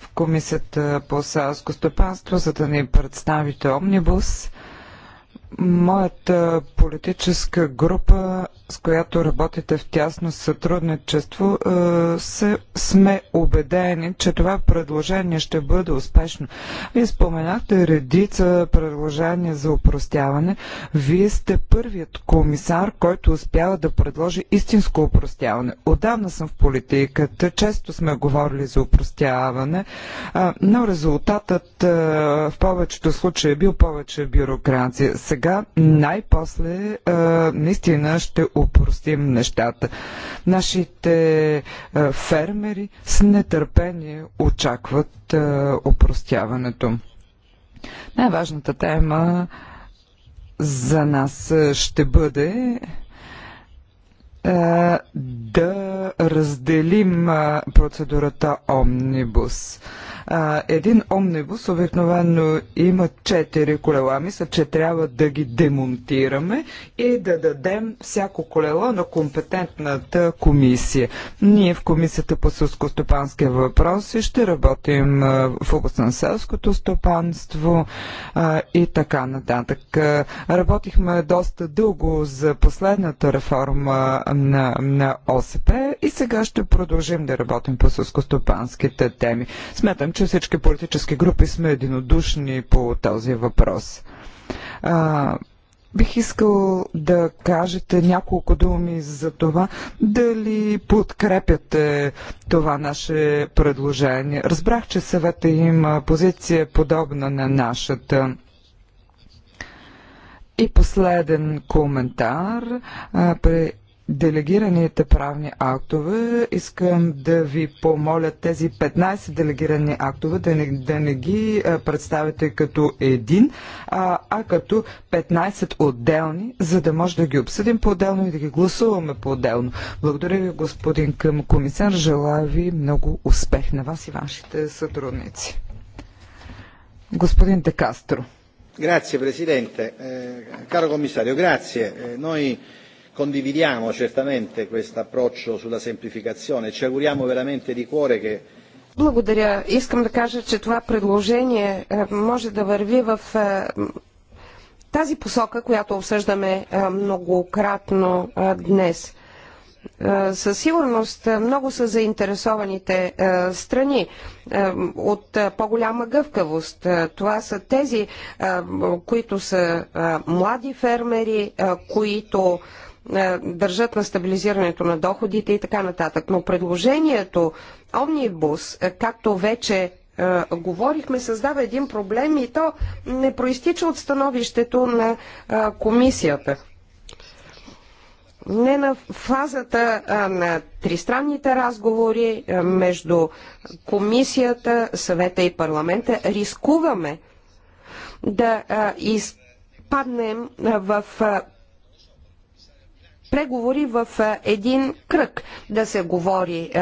в Комисията по селско стопанство, за да ни представите Омнибус. Моята политическа група с която работите в тясно сътрудничество, е, се, сме убедени, че това предложение ще бъде успешно. Вие споменахте редица предложения за упростяване. Вие сте първият комисар, който успява да предложи истинско упростяване. Отдавна съм в политиката, често сме говорили за упростяване, е, но резултатът е, в повечето случаи е бил повече бюрокрация. Сега най-после наистина ще упростим нещата. Нашите е, фермери с нетърпение очакват е, упростяването. Най-важната тема за нас е, ще бъде да разделим процедурата Омнибус. А, един омнибус обикновено има четири колела. Мисля, че трябва да ги демонтираме и да дадем всяко колело на компетентната комисия. Ние в комисията по сълско-стопански въпроси ще работим в областта на селското стопанство а, и така нататък. Работихме доста дълго за последната реформа на, на ОСП и сега ще продължим да работим по сълскостопанските теми. Смятам, че всички политически групи сме единодушни по този въпрос. А, бих искал да кажете няколко думи за това, дали подкрепяте това наше предложение. Разбрах, че съвета има позиция подобна на нашата. И последен коментар. А, при делегираните правни актове, искам да ви помоля тези 15 делегирани актове да не, да не ги представите като един, а, а като 15 отделни, за да може да ги обсъдим по-отделно и да ги гласуваме по-отделно. Благодаря ви, господин към комисар. Желая ви много успех на вас и вашите сътрудници. Господин Декастро. Grazie Presidente, eh, caro Commissario, grazie. Eh, noi Condividiamo certamente questo approccio sulla semplificazione e ci auguriamo veramente di cuore che благодаря. Искам да кажа, че това предложение е, може да върви в е, тази посока, която обсъждаме е, многократно днес. Със сигурност много са заинтересованите страни от по-голяма гъвкавост. Това са тези, които са млади фермери, които е, държат на стабилизирането на доходите и така нататък. Но предложението Омнибус, е, както вече е, говорихме, създава един проблем и то не проистича от становището на комисията. Не на фазата на тристранните разговори между комисията, съвета и парламента рискуваме да изпаднем в преговори в един кръг. Да се говори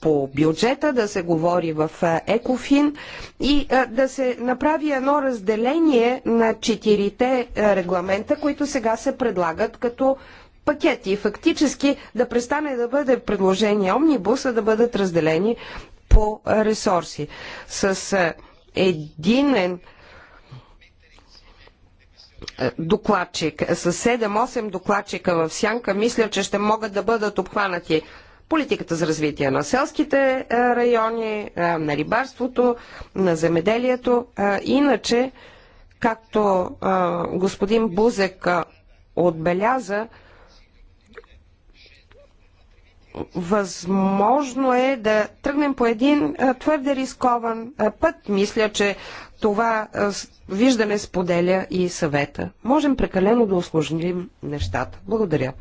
по бюджета, да се говори в Екофин и да се направи едно разделение на четирите регламента, които сега се предлагат като пакети. Фактически да престане да бъде предложение омнибуса, да бъдат разделени по ресурси. С единен е, докладчик, с 7-8 докладчика в сянка, мисля, че ще могат да бъдат обхванати политиката за развитие на селските е, райони, е, на рибарството, на земеделието. Иначе, както господин Бузек отбеляза, възможно е да тръгнем по един твърде рискован път. Мисля, че това виждане споделя и съвета. Можем прекалено да осложним нещата. Благодаря.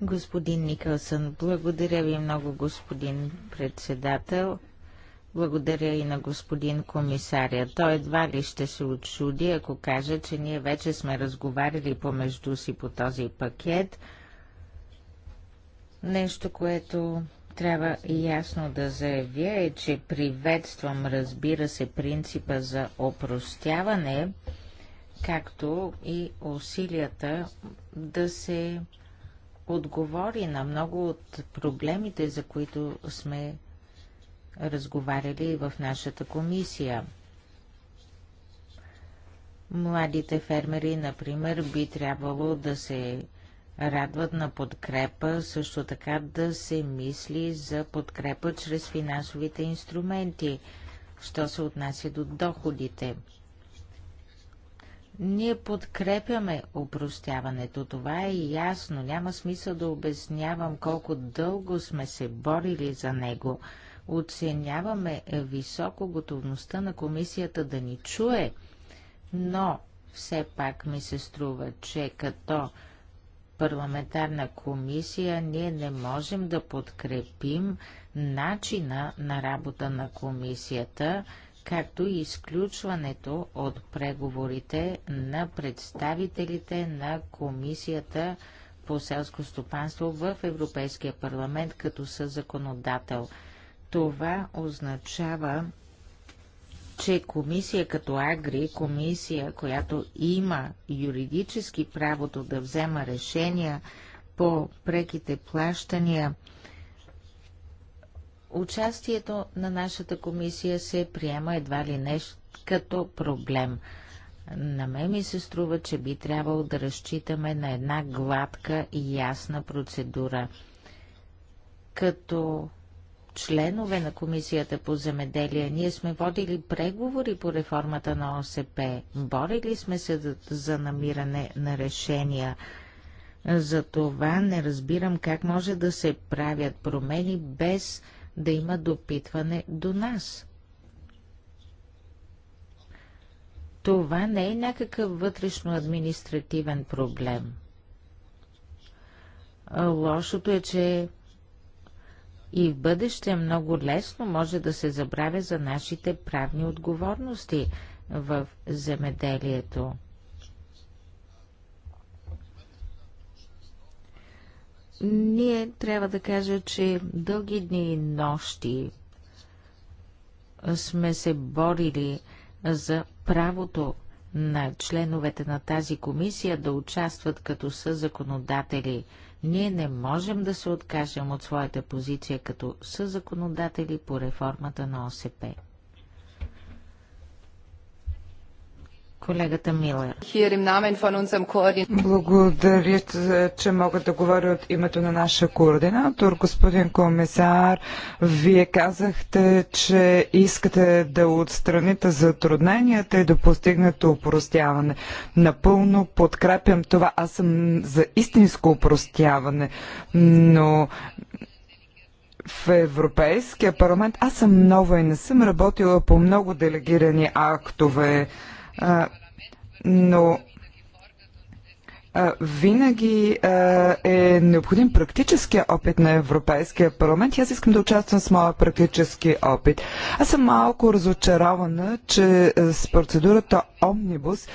Господин Никълсън, благодаря ви много, господин председател. Благодаря и на господин комисаря. Той едва ли ще се очуди, ако каже, че ние вече сме разговаряли помежду си по този пакет. Нещо, което трябва ясно да заявя е, че приветствам, разбира се, принципа за опростяване, както и усилията да се отговори на много от проблемите, за които сме разговаряли в нашата комисия. Младите фермери, например, би трябвало да се радват на подкрепа, също така да се мисли за подкрепа чрез финансовите инструменти, що се отнася до доходите. Ние подкрепяме упростяването, това е ясно, няма смисъл да обяснявам колко дълго сме се борили за него. Оценяваме високо готовността на комисията да ни чуе, но все пак ми се струва, че като парламентарна комисия ние не можем да подкрепим начина на работа на комисията, както и изключването от преговорите на представителите на комисията по селско стопанство в Европейския парламент като съзаконодател. Това означава че комисия като Агри, комисия, която има юридически правото да взема решения по преките плащания, участието на нашата комисия се приема едва ли не като проблем. На мен ми се струва, че би трябвало да разчитаме на една гладка и ясна процедура. Като членове на Комисията по земеделие. Ние сме водили преговори по реформата на ОСП. Борили сме се за намиране на решения. За това не разбирам как може да се правят промени без да има допитване до нас. Това не е някакъв вътрешно-административен проблем. Лошото е, че и в бъдеще много лесно може да се забравя за нашите правни отговорности в земеделието. Ние трябва да кажа, че дълги дни и нощи сме се борили за правото на членовете на тази комисия да участват като са законодатели. Ние не можем да се откажем от своята позиция като съзаконодатели по реформата на ОСП. Колегата Милер. Благодаря, че мога да говоря от името на нашия координатор. Господин комисар, вие казахте, че искате да отстраните затрудненията и да постигнете упростяване. Напълно подкрепям това. Аз съм за истинско упростяване, но в Европейския парламент. Аз съм нова и не съм работила по много делегирани актове но винаги е необходим практическия опит на Европейския парламент и аз искам да участвам с моя практически опит. Аз съм малко разочарована, че с процедурата Омнибус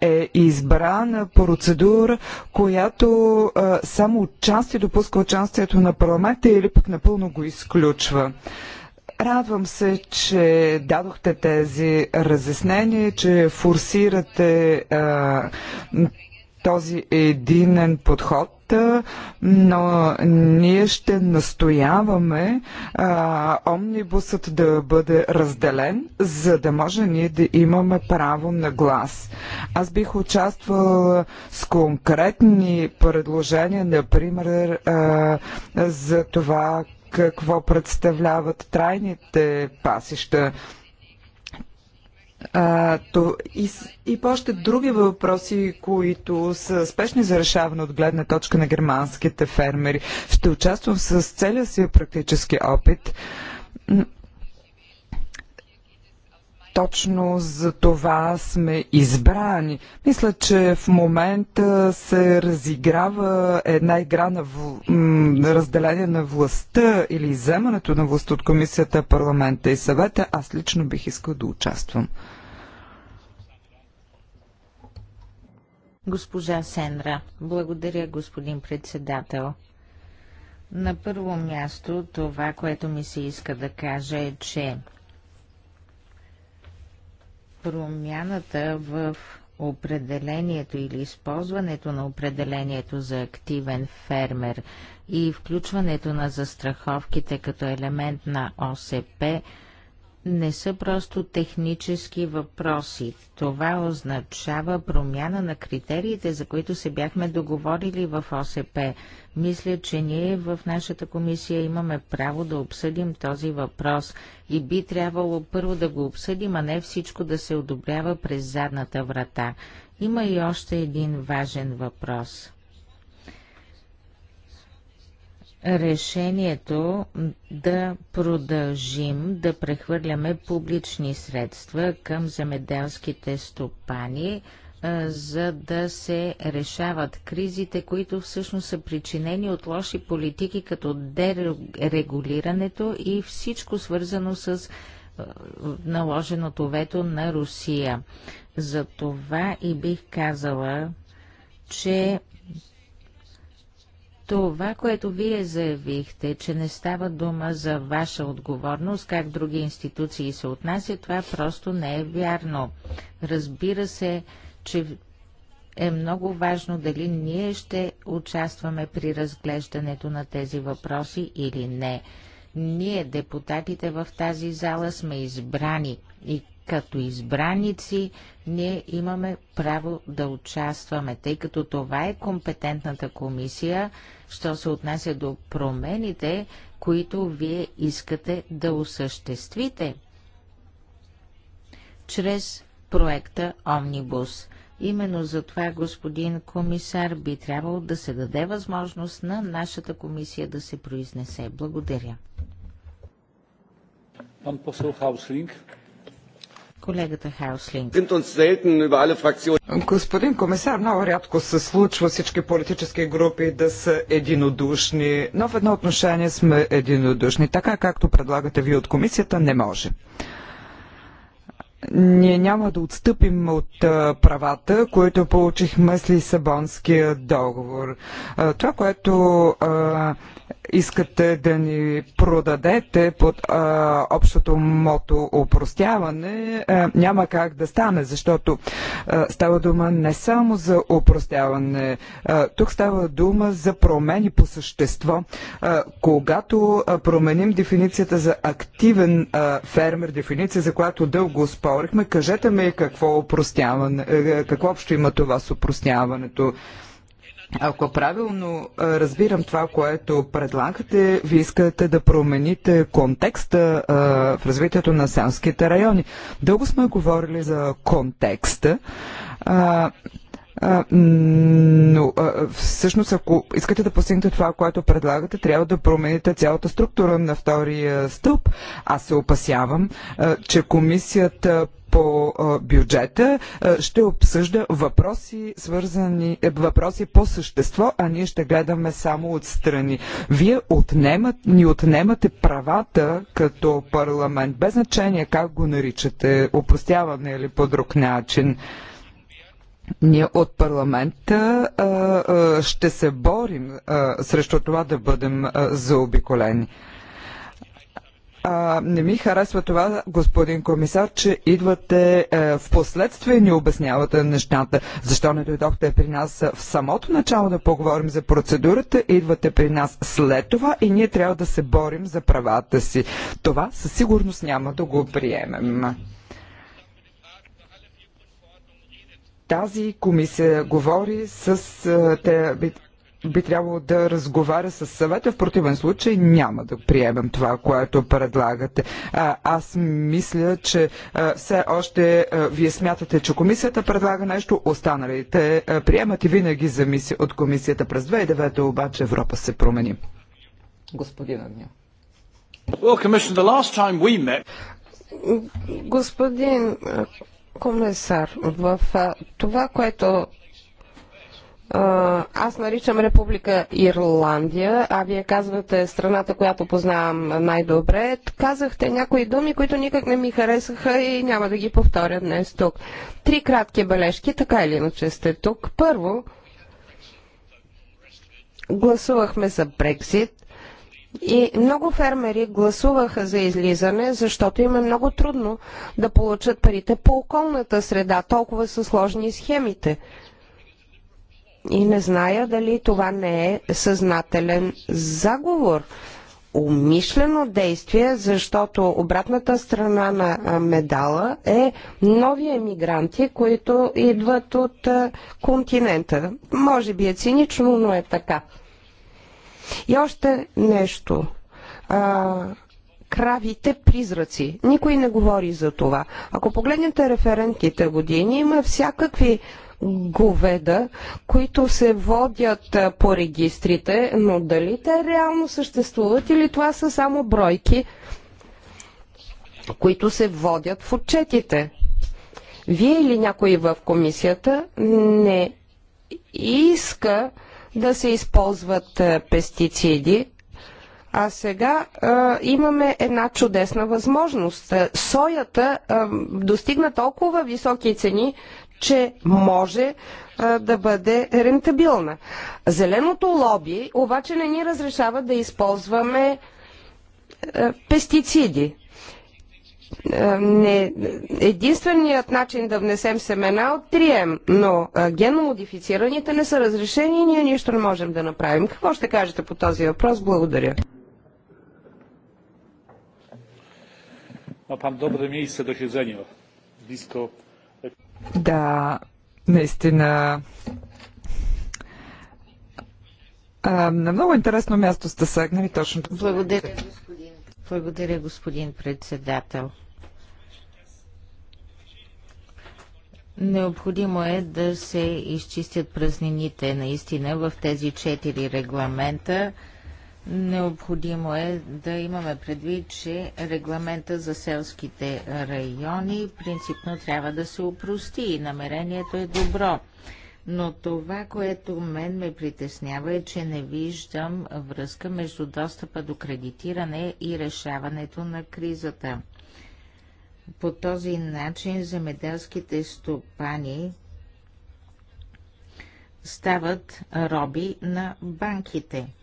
е избрана процедура, която само отчасти допуска участието на парламента или пък напълно го изключва. Радвам се, че дадохте тези разяснения, че форсирате а, този единен подход, но ние ще настояваме а, омнибусът да бъде разделен, за да може ние да имаме право на глас. Аз бих участвал с конкретни предложения, например, а, за това какво представляват трайните пасища. А, то и, и още други въпроси, които са спешни за решаване от гледна точка на германските фермери. Ще участвам с целия си практически опит точно за това сме избрани. Мисля, че в момента се разиграва една игра на в... разделение на властта или вземането на власт от комисията, парламента и съвета. Аз лично бих искал да участвам. Госпожа Сенра, благодаря, господин председател. На първо място това, което ми се иска да кажа е, че Промяната в определението или използването на определението за активен фермер и включването на застраховките като елемент на ОСП – не са просто технически въпроси. Това означава промяна на критериите, за които се бяхме договорили в ОСП. Мисля, че ние в нашата комисия имаме право да обсъдим този въпрос и би трябвало първо да го обсъдим, а не всичко да се одобрява през задната врата. Има и още един важен въпрос. решението да продължим да прехвърляме публични средства към земеделските стопани, за да се решават кризите, които всъщност са причинени от лоши политики, като дерегулирането и всичко свързано с наложеното вето на Русия. За това и бих казала, че това, което вие заявихте, че не става дума за ваша отговорност, как други институции се отнасят, това просто не е вярно. Разбира се, че е много важно дали ние ще участваме при разглеждането на тези въпроси или не. Ние, депутатите в тази зала, сме избрани и като избраници, ние имаме право да участваме, тъй като това е компетентната комисия, що се отнася до промените, които вие искате да осъществите чрез проекта Омнибус. Именно за това, господин комисар, би трябвало да се даде възможност на нашата комисия да се произнесе. Благодаря. Пан посол Хауслинг. Колегата Хауслинг. Господин комисар, много рядко се случва всички политически групи да са единодушни, но в едно отношение сме единодушни. Така както предлагате вие от комисията, не може ние няма да отстъпим от правата, които получихме с Лисабонския договор. Това, което искате да ни продадете под а, общото мото опростяване, а, няма как да стане, защото а, става дума не само за опростяване, а, тук става дума за промени по същество. А, когато а, променим дефиницията за активен а, фермер, дефиниция, за която дълго спорихме, кажете ми какво опростяване, какво общо има това с опростяването. Ако правилно разбирам това, което предлагате, ви искате да промените контекста а, в развитието на селските райони. Дълго сме говорили за контекста. А, а, но а, всъщност, ако искате да постигнете това, което предлагате, трябва да промените цялата структура на втория стълб. Аз се опасявам, а, че комисията по бюджета ще обсъжда въпроси, свързани, е, въпроси по същество, а ние ще гледаме само отстрани. Вие отнемат, ни отнемате правата като парламент, без значение как го наричате, упростяване или по друг начин. Ние от парламента а, а, ще се борим а, срещу това да бъдем а, заобиколени. А, не ми харесва това, господин комисар, че идвате е, в последствие и ни обяснявате нещата. Защо не дойдохте при нас в самото начало да поговорим за процедурата, идвате при нас след това и ние трябва да се борим за правата си. Това със сигурност няма да го приемем. Тази комисия говори с е, те, би трябвало да разговаря с съвета, в противен случай няма да приемем това, което предлагате. А, аз мисля, че а, все още а, вие смятате, че комисията предлага нещо, останалите а, приемат и винаги за мисия от комисията. През 2009 обаче Европа се промени. Господин Агня. Well, Господин комисар, в това, което аз наричам Република Ирландия, а вие казвате страната, която познавам най-добре. Казахте някои думи, които никак не ми харесаха и няма да ги повторя днес тук. Три кратки бележки, така или иначе сте тук. Първо, гласувахме за Брексит. И много фермери гласуваха за излизане, защото им е много трудно да получат парите по околната среда. Толкова са сложни схемите и не зная дали това не е съзнателен заговор. Умишлено действие, защото обратната страна на медала е нови емигранти, които идват от континента. Може би е цинично, но е така. И още нещо. А, кравите призраци. Никой не говори за това. Ако погледнете референтните години, има всякакви говеда, които се водят по регистрите, но дали те реално съществуват или това са само бройки, които се водят в отчетите? Вие или някой в комисията не иска да се използват пестициди, а сега а, имаме една чудесна възможност. Соята а, достигна толкова високи цени, че може да бъде рентабилна. Зеленото лоби обаче не ни разрешава да използваме пестициди. не, единственият начин да внесем семена от 3М, но геномодифицираните не са разрешени и ние нищо не можем да направим. Какво ще кажете по този въпрос? Благодаря. Ma pan dobre miejsce do siedzenia, blisko да, наистина. А, на много интересно място сте съгнали точно. Благодаря, господин. Благодаря, господин председател. Необходимо е да се изчистят празнините наистина в тези четири регламента Необходимо е да имаме предвид, че регламента за селските райони принципно трябва да се упрости и намерението е добро. Но това, което мен ме притеснява е, че не виждам връзка между достъпа до кредитиране и решаването на кризата. По този начин земеделските стопани стават роби на банките –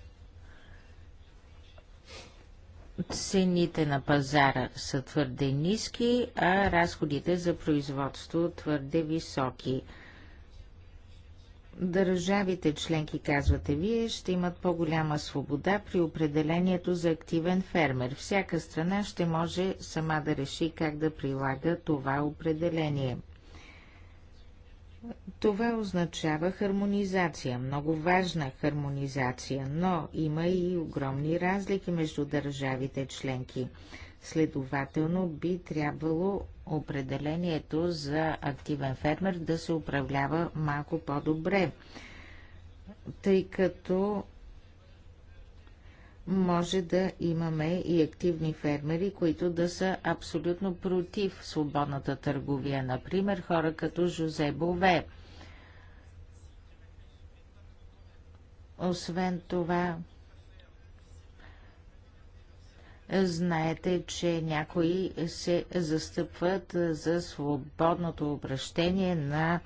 Цените на пазара са твърде ниски, а разходите за производство твърде високи. Държавите членки, казвате вие, ще имат по-голяма свобода при определението за активен фермер. Всяка страна ще може сама да реши как да прилага това определение – това означава хармонизация, много важна хармонизация, но има и огромни разлики между държавите членки. Следователно би трябвало определението за активен фермер да се управлява малко по-добре, тъй като може да имаме и активни фермери, които да са абсолютно против свободната търговия. Например, хора като Жозе Бове. Освен това, знаете, че някои се застъпват за свободното обращение на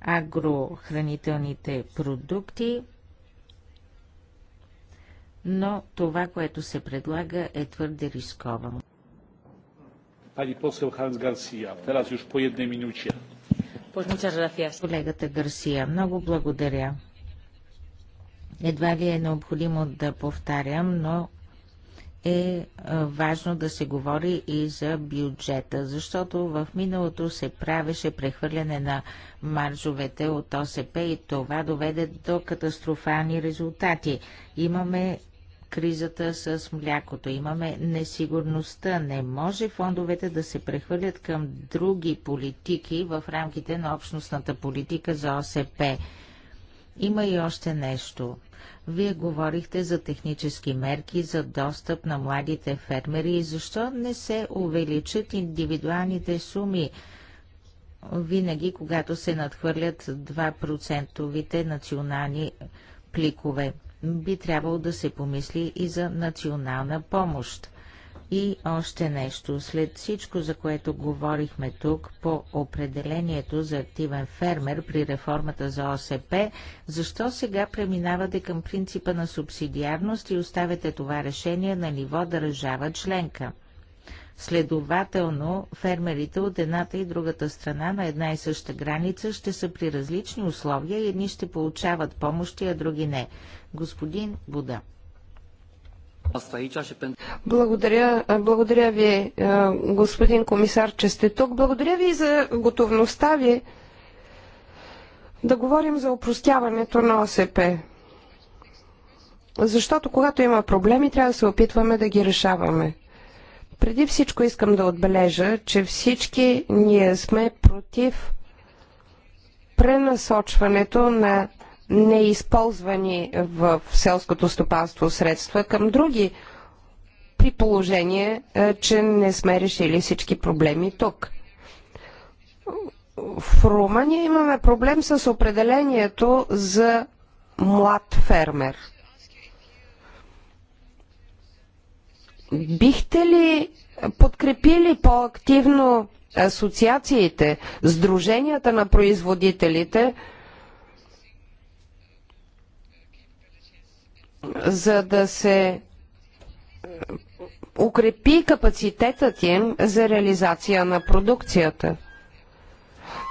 агрохранителните продукти – но това, което се предлага, е твърде рисковано. Пани посел Ханс Гарсия, teraz już по една minucie. Колегата Гарсия, много благодаря. Едва ли е необходимо да повтарям, но е, е важно да се говори и за бюджета, защото в миналото се правеше прехвърляне на маржовете от ОСП и това доведе до катастрофални резултати. Имаме кризата с млякото. Имаме несигурността. Не може фондовете да се прехвърлят към други политики в рамките на общностната политика за ОСП. Има и още нещо. Вие говорихте за технически мерки за достъп на младите фермери и защо не се увеличат индивидуалните суми винаги, когато се надхвърлят 2 национални пликове би трябвало да се помисли и за национална помощ. И още нещо, след всичко, за което говорихме тук по определението за активен фермер при реформата за ОСП, защо сега преминавате към принципа на субсидиарност и оставяте това решение на ниво държава членка? Следователно, фермерите от едната и другата страна на една и съща граница ще са при различни условия и едни ще получават помощи, а други не. Господин Буда. Благодаря, благодаря ви, господин комисар, че сте тук. Благодаря ви за готовността ви да говорим за опростяването на ОСП. Защото когато има проблеми, трябва да се опитваме да ги решаваме. Преди всичко искам да отбележа, че всички ние сме против пренасочването на неизползвани в селското стопанство средства към други, при положение, е, че не сме решили всички проблеми тук. В Румъния имаме проблем с определението за млад фермер. Бихте ли подкрепили по-активно асоциациите, сдруженията на производителите, за да се укрепи капацитетът им за реализация на продукцията.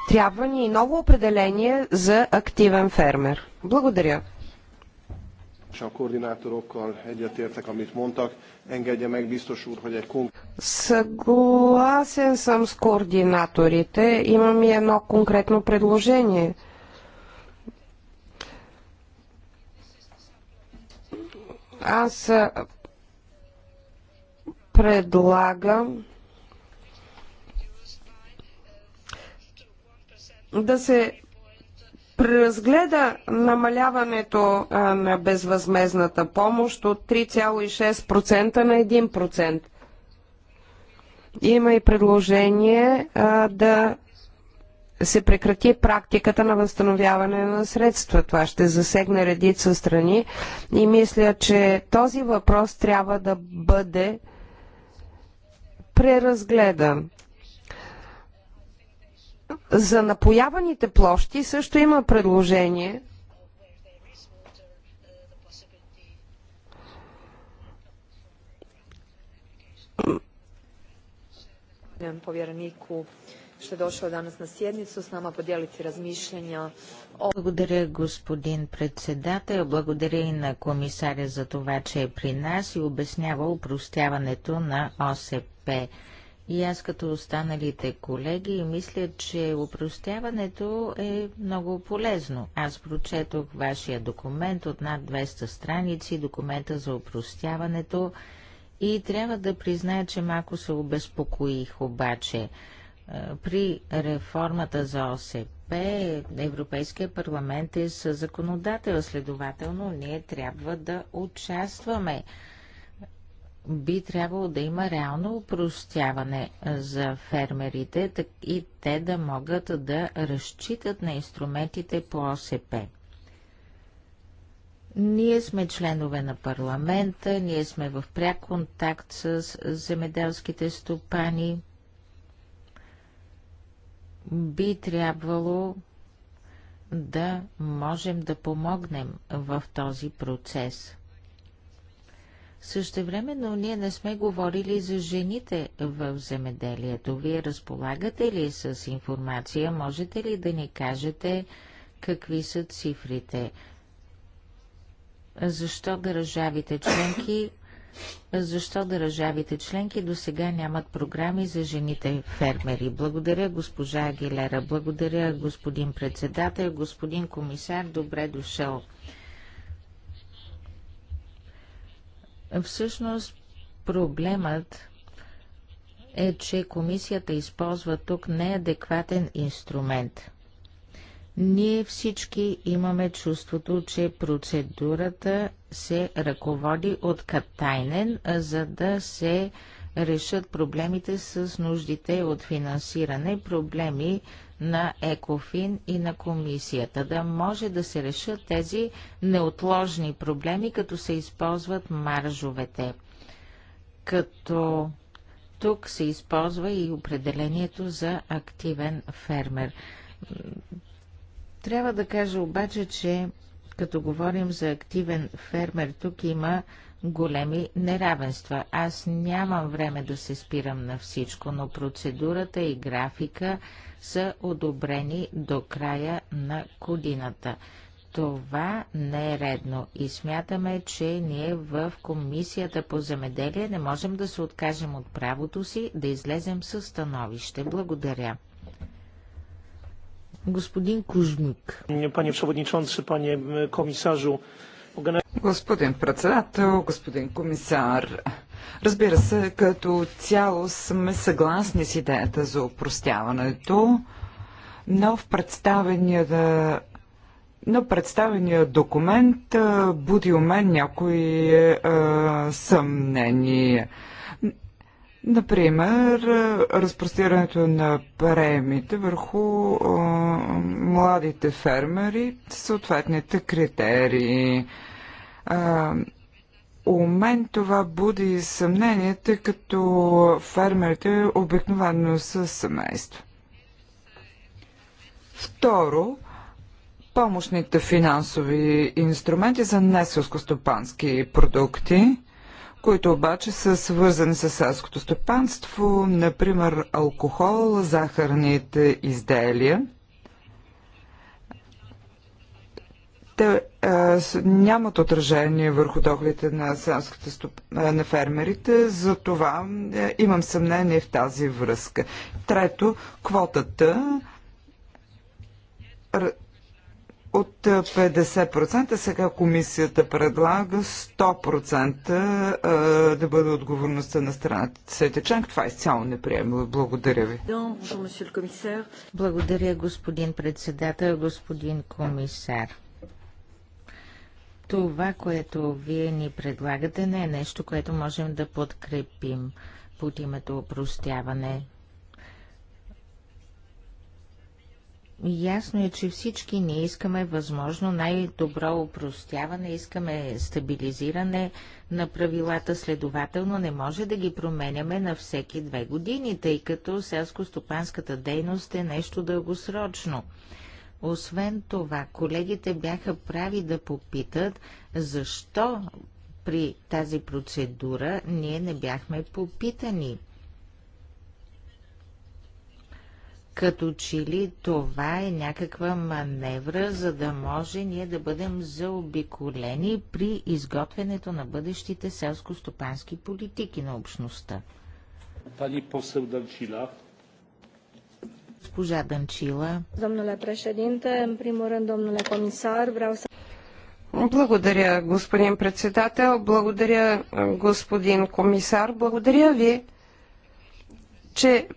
Трябва ни и ново определение за активен фермер. Благодаря. Съгласен съм с координаторите. Имам и едно конкретно предложение – Аз предлагам да се преразгледа намаляването на безвъзмезната помощ от 3,6% на 1%. Има и предложение а, да се прекрати практиката на възстановяване на средства. Това ще засегне редица страни и мисля, че този въпрос трябва да бъде преразгледан. За напояваните площи също има предложение повjereniku što je došao danas na sjednicu s nama podijeliti razmišljenja. Благодаря, господин председател. Благодаря и на комисаря за това, че е при нас и обяснява упростяването на ОСП. И аз като останалите колеги мисля, че упростяването е много полезно. Аз прочетох вашия документ от над 200 страници, документа за упростяването и трябва да призная, че малко се обезпокоих обаче – при реформата за ОСП Европейския парламент е със законодател, следователно ние трябва да участваме. Би трябвало да има реално упростяване за фермерите и те да могат да разчитат на инструментите по ОСП. Ние сме членове на парламента, ние сме в пряк контакт с земеделските стопани би трябвало да можем да помогнем в този процес. Същевременно ние не сме говорили за жените в земеделието. Вие разполагате ли с информация? Можете ли да ни кажете какви са цифрите? Защо държавите членки защо държавите членки до сега нямат програми за жените фермери. Благодаря, госпожа Агилера. Благодаря, господин председател, господин комисар. Добре дошъл. Всъщност, проблемът е, че комисията използва тук неадекватен инструмент – ние всички имаме чувството, че процедурата се ръководи от Катайнен, за да се решат проблемите с нуждите от финансиране, проблеми на ЕКОФИН и на комисията, да може да се решат тези неотложни проблеми, като се използват маржовете. Като тук се използва и определението за активен фермер. Трябва да кажа обаче, че като говорим за активен фермер, тук има големи неравенства. Аз нямам време да се спирам на всичко, но процедурата и графика са одобрени до края на годината. Това не е редно и смятаме, че ние в Комисията по земеделие не можем да се откажем от правото си да излезем със становище. Благодаря. Господин Пане пане комисажу. Господин председател, господин комисар, разбира се, като цяло сме съгласни с идеята за упростяването, но в представения да но представения документ буди у мен някои е, съмнения. Например, разпростирането на премиите върху а, младите фермери, съответните критерии. А, у мен това буди съмнение, тъй като фермерите обикновено са семейство. Второ, помощните финансови инструменти за неселскостопански продукти които обаче са свързани с селското стопанство, например алкохол, захарните изделия. те а, с, нямат отражение върху доходите на, стоп... на фермерите, затова а, е, имам съмнение в тази връзка. Трето, квотата от 50%, сега комисията предлага 100% да бъде отговорността на страната. Сетечанк, това е изцяло неприемливо. Благодаря ви. Благодаря, господин председател, господин комисар. Това, което вие ни предлагате, не е нещо, което можем да подкрепим под името опростяване. Ясно е, че всички ние искаме възможно най-добро упростяване, искаме стабилизиране на правилата, следователно не може да ги променяме на всеки две години, тъй като селско-стопанската дейност е нещо дългосрочно. Освен това, колегите бяха прави да попитат, защо при тази процедура ние не бяхме попитани. Като че ли това е някаква маневра, за да може ние да бъдем заобиколени при изготвянето на бъдещите селско-стопански политики на общността. Пани посел Данчила. Госпожа Данчила. Домнуле прешединте, приморен primul комисар, domnule comisar, Благодаря, господин председател. Благодаря, господин комисар. Благодаря ви, че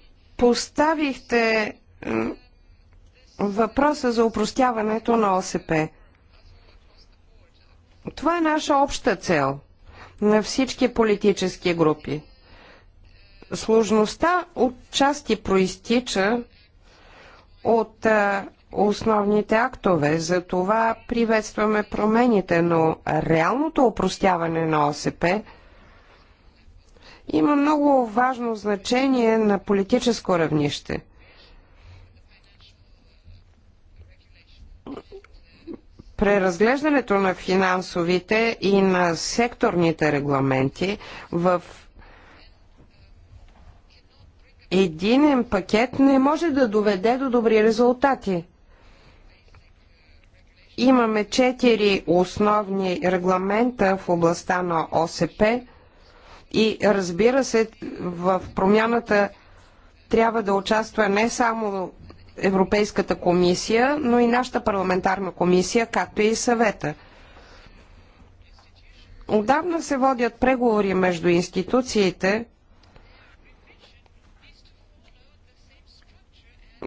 поставихте въпроса за упростяването на ОСП. Това е наша обща цел на всички политически групи. Сложността от части проистича от а, основните актове. За това приветстваме промените, но реалното упростяване на ОСП – има много важно значение на политическо равнище. Преразглеждането на финансовите и на секторните регламенти в единен пакет не може да доведе до добри резултати. Имаме четири основни регламента в областта на ОСП – и разбира се, в промяната трябва да участва не само Европейската комисия, но и нашата парламентарна комисия, както и съвета. Отдавна се водят преговори между институциите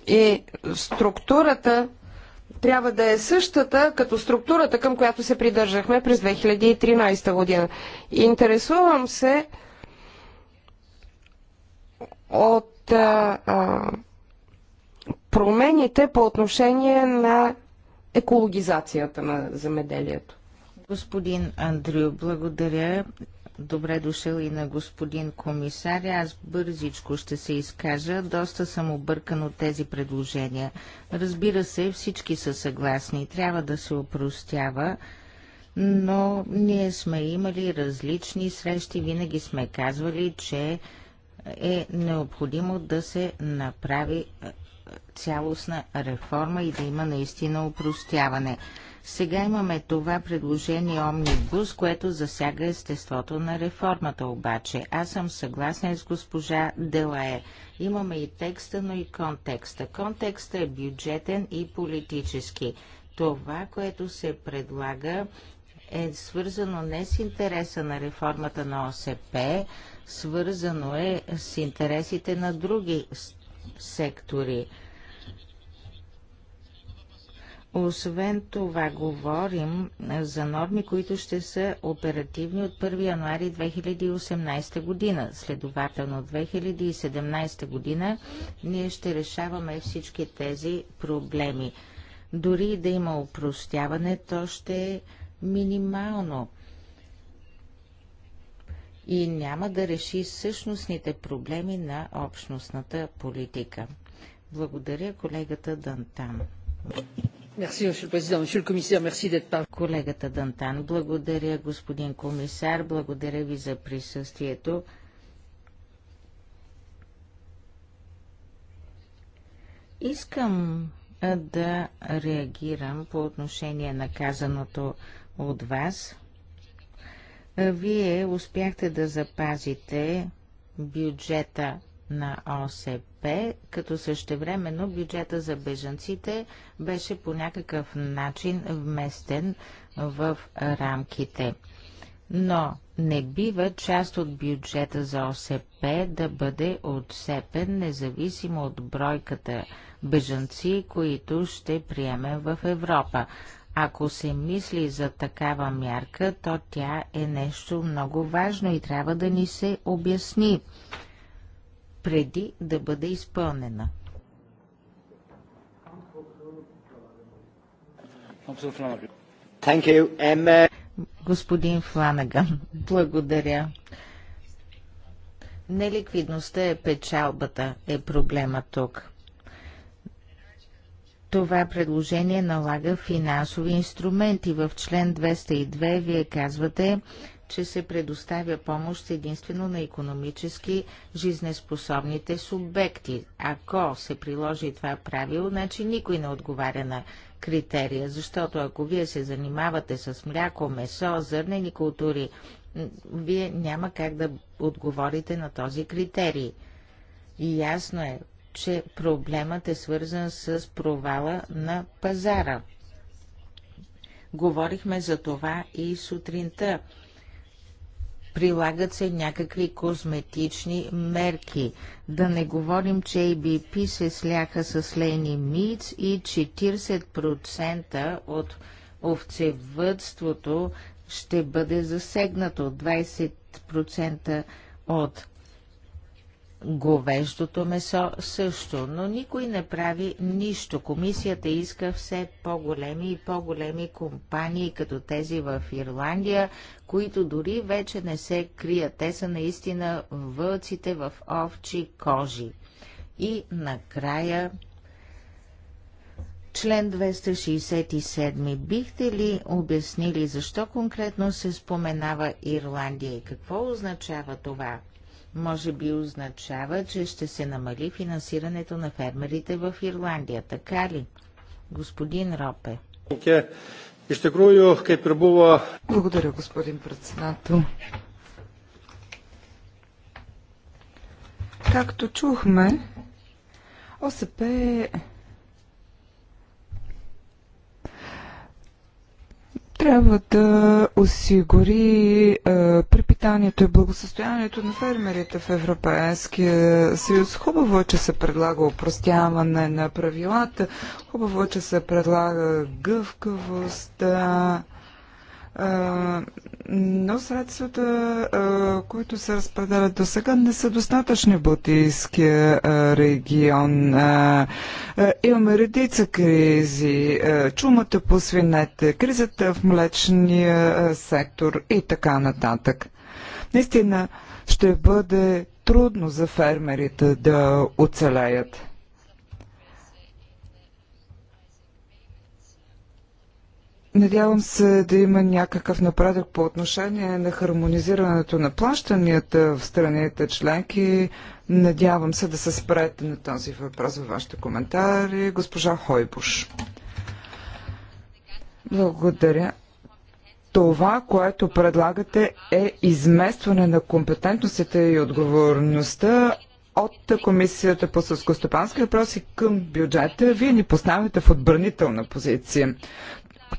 и структурата трябва да е същата като структурата, към която се придържахме през 2013 година. Интересувам се от а, а, промените по отношение на екологизацията на земеделието. Господин Андрю, благодаря. Добре дошъл и на господин комисаря. Аз бързичко ще се изкажа. Доста съм объркан от тези предложения. Разбира се, всички са съгласни. Трябва да се опростява, но ние сме имали различни срещи. Винаги сме казвали, че е необходимо да се направи е, е, цялостна реформа и да има наистина опростяване. Сега имаме това предложение Омнибус, което засяга естеството на реформата обаче. Аз съм съгласен с госпожа Делае. Имаме и текста, но и контекста. Контекста е бюджетен и политически. Това, което се предлага е свързано не с интереса на реформата на ОСП, свързано е с интересите на други сектори. Освен това, говорим е, за норми, които ще са оперативни от 1 януари 2018 година. Следователно, 2017 година ние ще решаваме всички тези проблеми. Дори да има упростяване, то ще е минимално и няма да реши същностните проблеми на общностната политика. Благодаря колегата Дантан. Колегата Дантан, благодаря господин комисар, благодаря ви за присъствието. Искам да реагирам по отношение на казаното от вас. Вие успяхте да запазите бюджета на ОСП, като същевременно бюджета за бежанците беше по някакъв начин вместен в рамките. Но не бива част от бюджета за ОСП да бъде отсепен, независимо от бройката бежанци, които ще приемем в Европа. Ако се мисли за такава мярка, то тя е нещо много важно и трябва да ни се обясни преди да бъде изпълнена. Господин Фланаган, благодаря. Неликвидността е печалбата, е проблема тук. Това предложение налага финансови инструменти. В член 202 вие казвате, че се предоставя помощ единствено на економически жизнеспособните субекти. Ако се приложи това правило, значи никой не отговаря на критерия, защото ако вие се занимавате с мляко, месо, зърнени култури, вие няма как да отговорите на този критерий. И ясно е, че проблемът е свързан с провала на пазара. Говорихме за това и сутринта. Прилагат се някакви козметични мерки. Да не говорим, че ABP се сляха с Лени Миц и 40% от овцевътството ще бъде засегнато. 20% от говеждото месо също, но никой не прави нищо. Комисията иска все по-големи и по-големи компании, като тези в Ирландия, които дори вече не се крият. Те са наистина вълците в овчи кожи. И накрая Член 267. Бихте ли обяснили защо конкретно се споменава Ирландия и какво означава това? може би означава, че ще се намали финансирането на фермерите в Ирландия. Така ли? Господин Ропе. Е, Благодаря, господин председател. Както чухме, ОСП е трябва да осигури е, препитанието и благосъстоянието на фермерите в Европейския съюз. Хубаво е, че се предлага упростяване на правилата, хубаво е, че се предлага гъвкавост но средствата, които се разпределят до сега, не са достатъчни в Балтийския регион. Имаме редица кризи, чумата по свинете, кризата в млечния сектор и така нататък. Наистина ще бъде трудно за фермерите да оцелеят. Надявам се да има някакъв напредък по отношение на хармонизирането на плащанията в страните членки. Надявам се да се спрете на този въпрос във вашите коментари. Госпожа Хойбуш. Благодаря. Това, което предлагате е изместване на компетентностите и отговорността от Комисията по съскостопански въпроси към бюджета, вие ни поставяте в отбранителна позиция.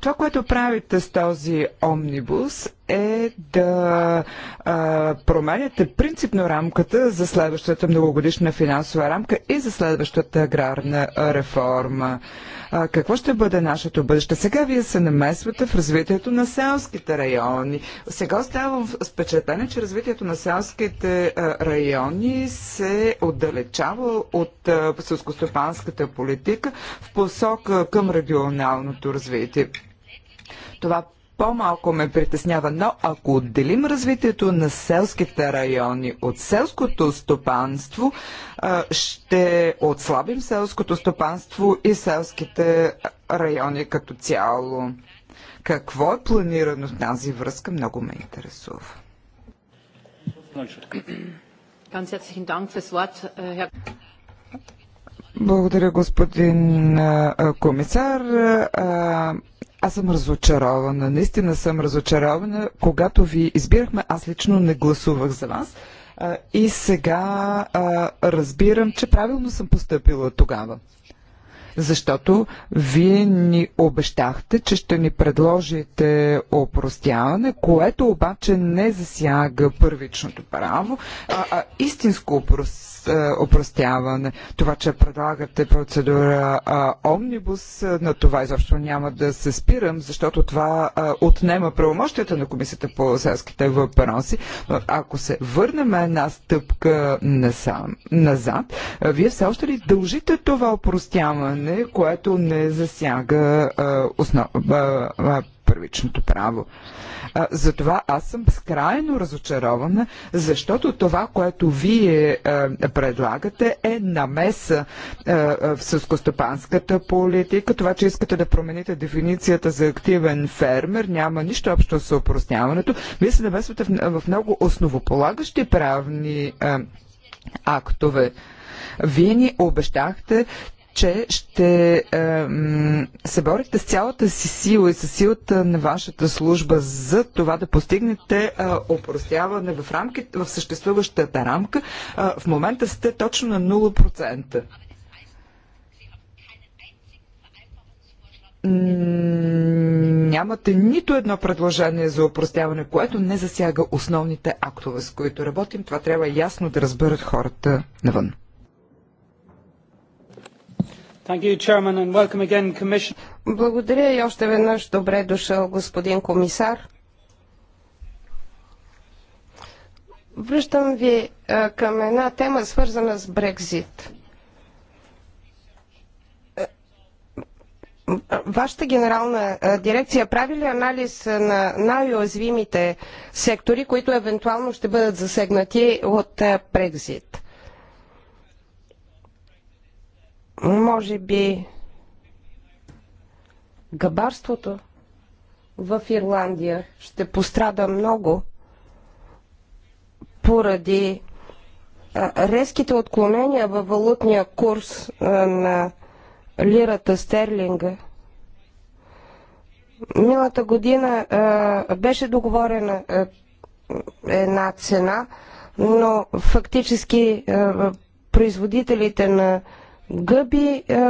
Това, което правите с този омнибус е да а, променяте принципно рамката за следващата многогодишна финансова рамка и за следващата аграрна реформа. А, какво ще бъде нашето бъдеще? Сега вие се намесвате в развитието на селските райони. Сега оставам впечатление, че развитието на селските а, райони се отдалечава от селскостопанската политика в посока към регионалното развитие. Това по-малко ме притеснява, но ако отделим развитието на селските райони от селското стопанство, ще отслабим селското стопанство и селските райони като цяло. Какво е планирано в тази връзка, много ме интересува. Äh, Благодаря, господин комисар. Аз съм разочарована, наистина съм разочарована. Когато ви избирахме, аз лично не гласувах за вас. И сега а, разбирам, че правилно съм поступила тогава. Защото вие ни обещахте, че ще ни предложите опростяване, което обаче не засяга първичното право, а, а истинско опростяване е, опростяване. Това, че предлагате процедура а, омнибус, е, на това изобщо няма да се спирам, защото това а, е, отнема правомощията на Комисията по селските въпроси. Ако се върнем една стъпка насам, назад, а, вие все още ли дължите това опростяване, което не засяга а, основ, а, а, първичното право? А, затова аз съм скрайно разочарована, защото това, което вие а, е, предлагате е намеса а, е, е, в съскостопанската политика. Това, че искате да промените дефиницията за активен фермер, няма нищо общо с упростяването. Вие се намесвате в, в много основополагащи правни а, актове. Вие ни обещахте, че ще се борите с цялата си сила и с силата на вашата служба за това да постигнете е, опростяване в, рамките, в съществуващата рамка. Е, в момента сте точно на 0%. нямате нито едно предложение за упростяване, което не засяга основните актове, с които работим. Това трябва ясно да разберат хората навън. Благодаря и още веднъж добре дошъл господин комисар. Връщам ви към една тема, свързана с Брекзит. Вашата генерална дирекция прави ли анализ на най-уязвимите сектори, които евентуално ще бъдат засегнати от Брекзит? Може би габарството в Ирландия ще пострада много поради резките отклонения във валутния курс на лирата стерлинга. Миналата година беше договорена една цена, но фактически производителите на гъби. Е,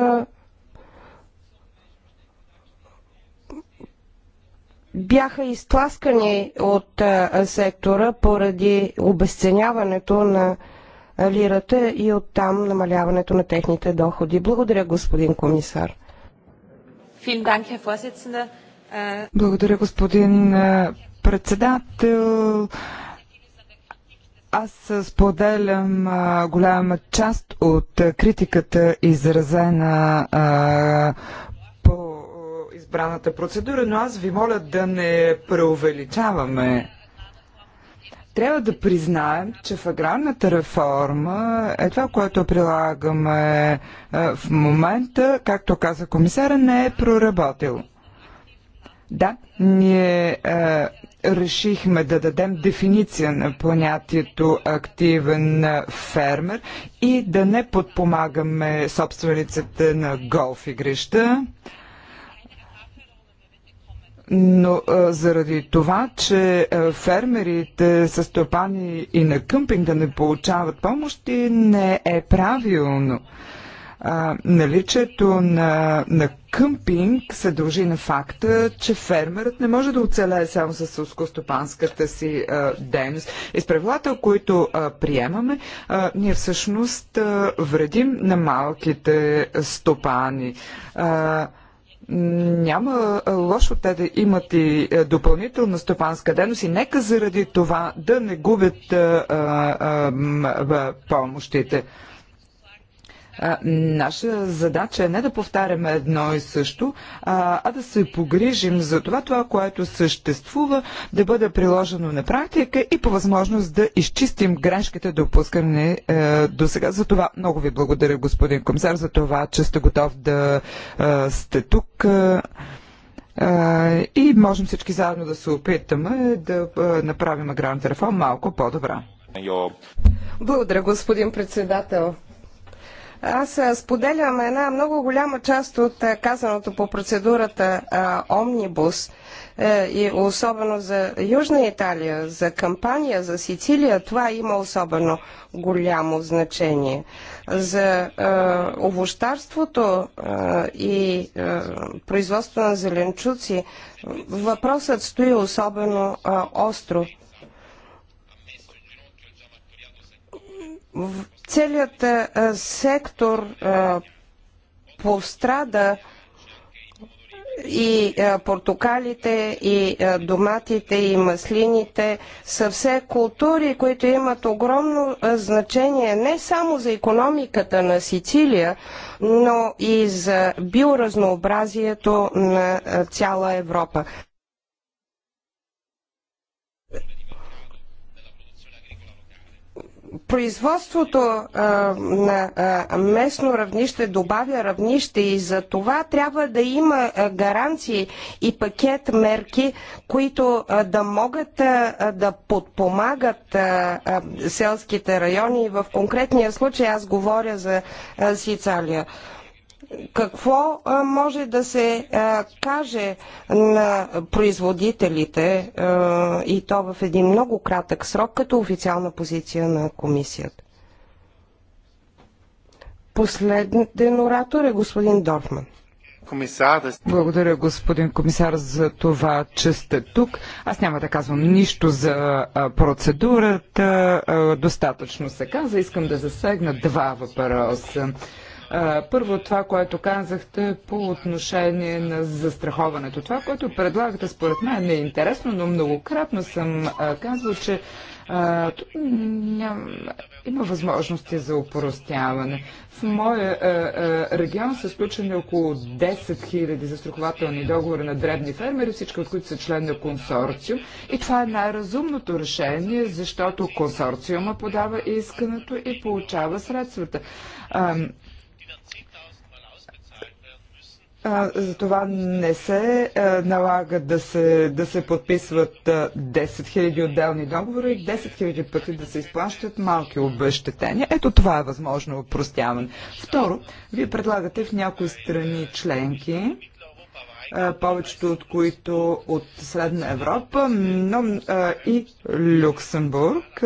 бяха изтласкани от е, сектора поради обесценяването на лирата и оттам намаляването на техните доходи. Благодаря, господин комисар. Äh, Благодаря, господин е, председател. Аз споделям а, голяма част от критиката, изразена а, по избраната процедура, но аз ви моля да не преувеличаваме. Трябва да признаем, че в аграрната реформа е това, което прилагаме в момента, както каза комисара, не е проработил. Да, ние решихме да дадем дефиниция на понятието активен фермер и да не подпомагаме собствениците на голф игрища но а, заради това, че а, фермерите са стопани и на къмпинг да не получават помощи, не е правилно. А, а, наличието на, на къмпинг се дължи на факта, че фермерът не може да оцелее само с ускостопанската си а, дейност. И с правилата, които а, приемаме, а, ние всъщност а, вредим на малките стопани. А, няма лошо те да имат и допълнителна стопанска дейност и нека заради това да не губят а, а, а, помощите наша задача е не да повтаряме едно и също, а, а да се погрижим за това, това, което съществува, да бъде приложено на практика и по възможност да изчистим грешките, допускани е, до сега. За това много ви благодаря, господин комисар, за това, че сте готов да е, сте тук. Е, е, и можем всички заедно да се опитаме да е, направим аграрната реформа малко по-добра. Благодаря, господин председател. Аз споделям една много голяма част от казаното по процедурата Омнибус е, и особено за Южна Италия, за Кампания, за Сицилия, това има особено голямо значение. За е, овощарството е, и е, производство на зеленчуци въпросът стои особено е, остро. Целият сектор пострада и портокалите, и доматите, и маслините са все култури, които имат огромно значение не само за економиката на Сицилия, но и за биоразнообразието на цяла Европа. производството на местно равнище добавя равнище и за това трябва да има гаранции и пакет мерки, които да могат да подпомагат селските райони. В конкретния случай аз говоря за Сицалия какво може да се каже на производителите и то в един много кратък срок като официална позиция на комисията? Последен оратор е господин Дорфман. Благодаря, господин комисар, за това, че сте тук. Аз няма да казвам нищо за процедурата. Достатъчно се каза. Искам да засегна два въпроса. Първо това, което казахте по отношение на застраховането. Това, което предлагате, според мен е интересно, но многократно съм казвал, че има възможности за упоростяване. В моя регион са сключени около 10 000 застрахователни договори на дребни фермери, всички от които са член на консорциум. И това е най-разумното решение, защото консорциума подава искането и получава средствата. За това не се налага да се, да се подписват 10 000 отделни договори и 10 000 пъти да се изплащат малки обещетения. Ето това е възможно упростяване. Второ, вие предлагате в някои страни членки повечето от които от Средна Европа, но и Люксембург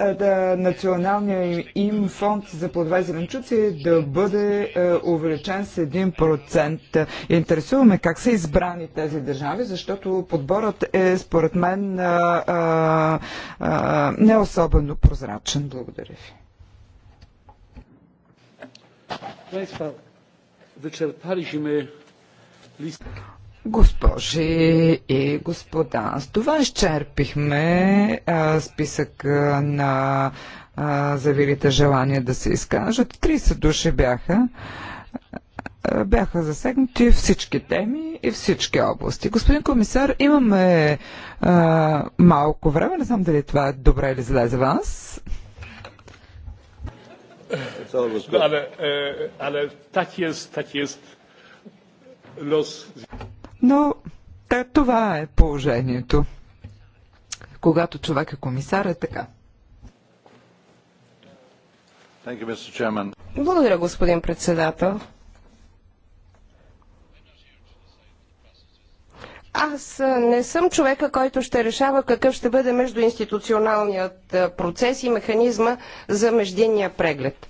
е, да националния им фонд за плодове и зеленчуци е да бъде е, увеличен с 1%. Интересуваме как са избрани тези държави, защото подборът е според мен не особено прозрачен. Благодаря ви. Państwa, wyczerpaliśmy Госпожи и господа, с това изчерпихме а, списък а, на а, завилите желания да се изкажат. 30 души бяха. А, бяха засегнати всички теми и всички области. Господин комисар, имаме а, малко време. Не знам дали това е добре или зле за вас. No, ale, ale tak jest, tak jest los. Но да, това е положението. Когато човек е комисар, е така. You, Благодаря, господин председател. Аз не съм човека, който ще решава какъв ще бъде междуинституционалният процес и механизма за междинния преглед.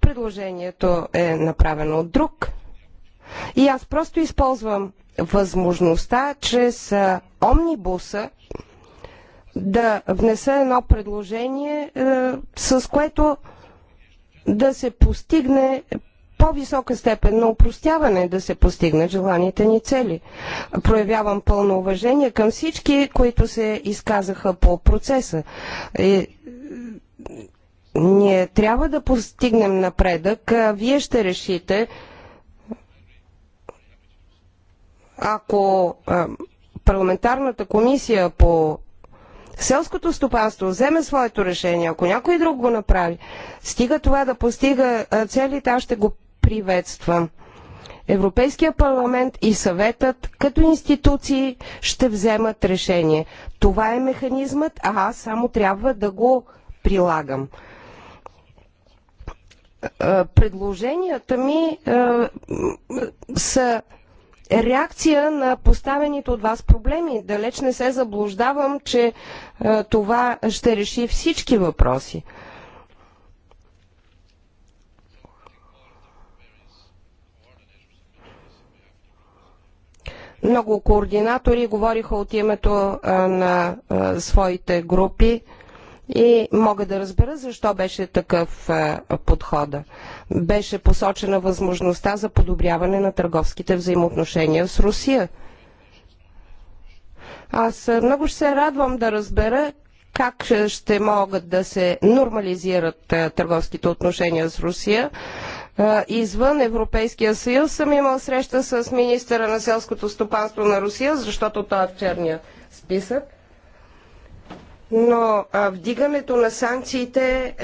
Предложението е направено от друг и аз просто използвам възможността чрез омнибуса да внеса едно предложение, с което да се постигне по-висока степен на упростяване да се постигнат желаните ни цели. Проявявам пълно уважение към всички, които се изказаха по процеса. И, ние трябва да постигнем напредък. Вие ще решите ако е, парламентарната комисия по селското стопанство вземе своето решение, ако някой друг го направи, стига това да постига е, целите, аз ще го приветствам. Европейския парламент и съветът като институции ще вземат решение. Това е механизмът, а аз само трябва да го прилагам. Е, предложенията ми са реакция на поставените от вас проблеми. Далеч не се заблуждавам, че е, това ще реши всички въпроси. Много координатори говориха от името е, на е, своите групи и мога да разбера защо беше такъв е, подхода. Беше посочена възможността за подобряване на търговските взаимоотношения с Русия. Аз е, много ще се радвам да разбера как ще могат да се нормализират е, търговските отношения с Русия. Извън Европейския съюз съм имал среща с министъра на селското стопанство на Русия, защото той е в черния списък но вдигането на санкциите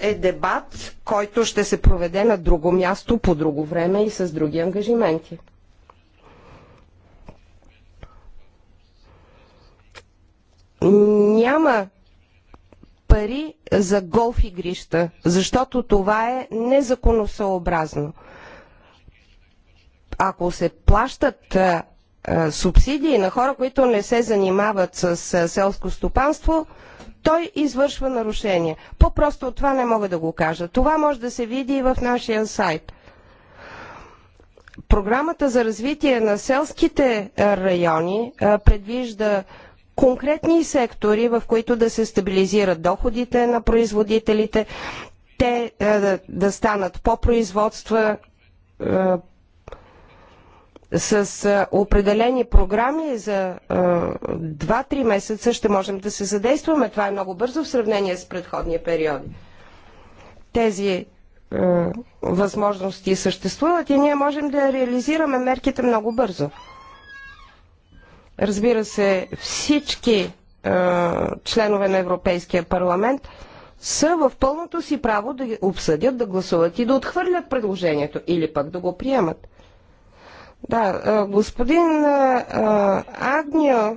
е дебат, който ще се проведе на друго място, по друго време и с други ангажименти. Няма пари за голф игрища, защото това е незаконосъобразно. Ако се плащат е, субсидии на хора, които не се занимават с е, селско стопанство, той извършва нарушение. По-просто от това не мога да го кажа. Това може да се види и в нашия сайт. Програмата за развитие на селските е, райони предвижда конкретни сектори, в които да се стабилизират доходите на производителите, те да станат по-производства, с определени програми за 2-3 месеца ще можем да се задействаме. Това е много бързо в сравнение с предходния период. Тези възможности съществуват и ние можем да реализираме мерките много бързо. Разбира се, всички членове на Европейския парламент са в пълното си право да обсъдят, да гласуват и да отхвърлят предложението или пък да го приемат. Да, господин Агнио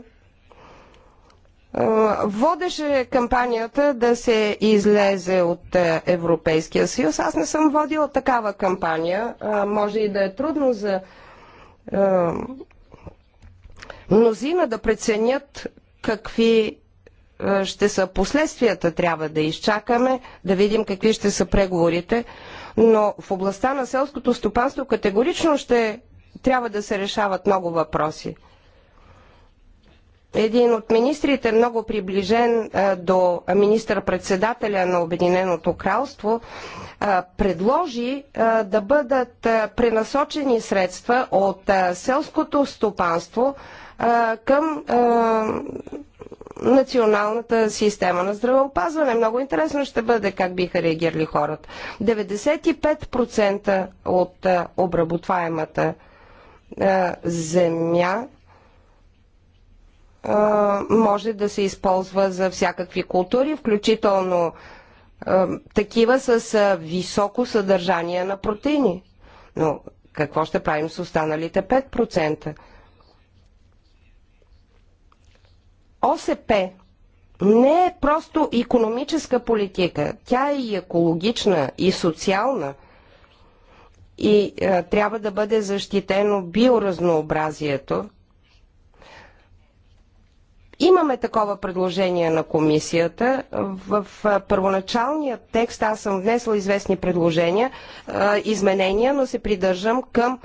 водеше кампанията да се излезе от Европейския съюз. Аз не съм водила такава кампания. Може и да е трудно за мнозина да преценят какви ще са последствията. Трябва да изчакаме, да видим какви ще са преговорите. Но в областта на селското стопанство категорично ще трябва да се решават много въпроси. Един от министрите, много приближен до министър-председателя на Обединеното кралство, предложи да бъдат пренасочени средства от селското стопанство към националната система на здравеопазване. Много интересно ще бъде как биха реагирали хората. 95% от обработваемата земя може да се използва за всякакви култури, включително такива с високо съдържание на протеини. Но какво ще правим с останалите 5%? ОСП не е просто економическа политика. Тя е и екологична, и социална – и а, е, трябва да бъде защитено биоразнообразието. Имаме такова предложение на комисията. В е, първоначалния текст аз съм внесла известни предложения, а, е, изменения, но се придържам към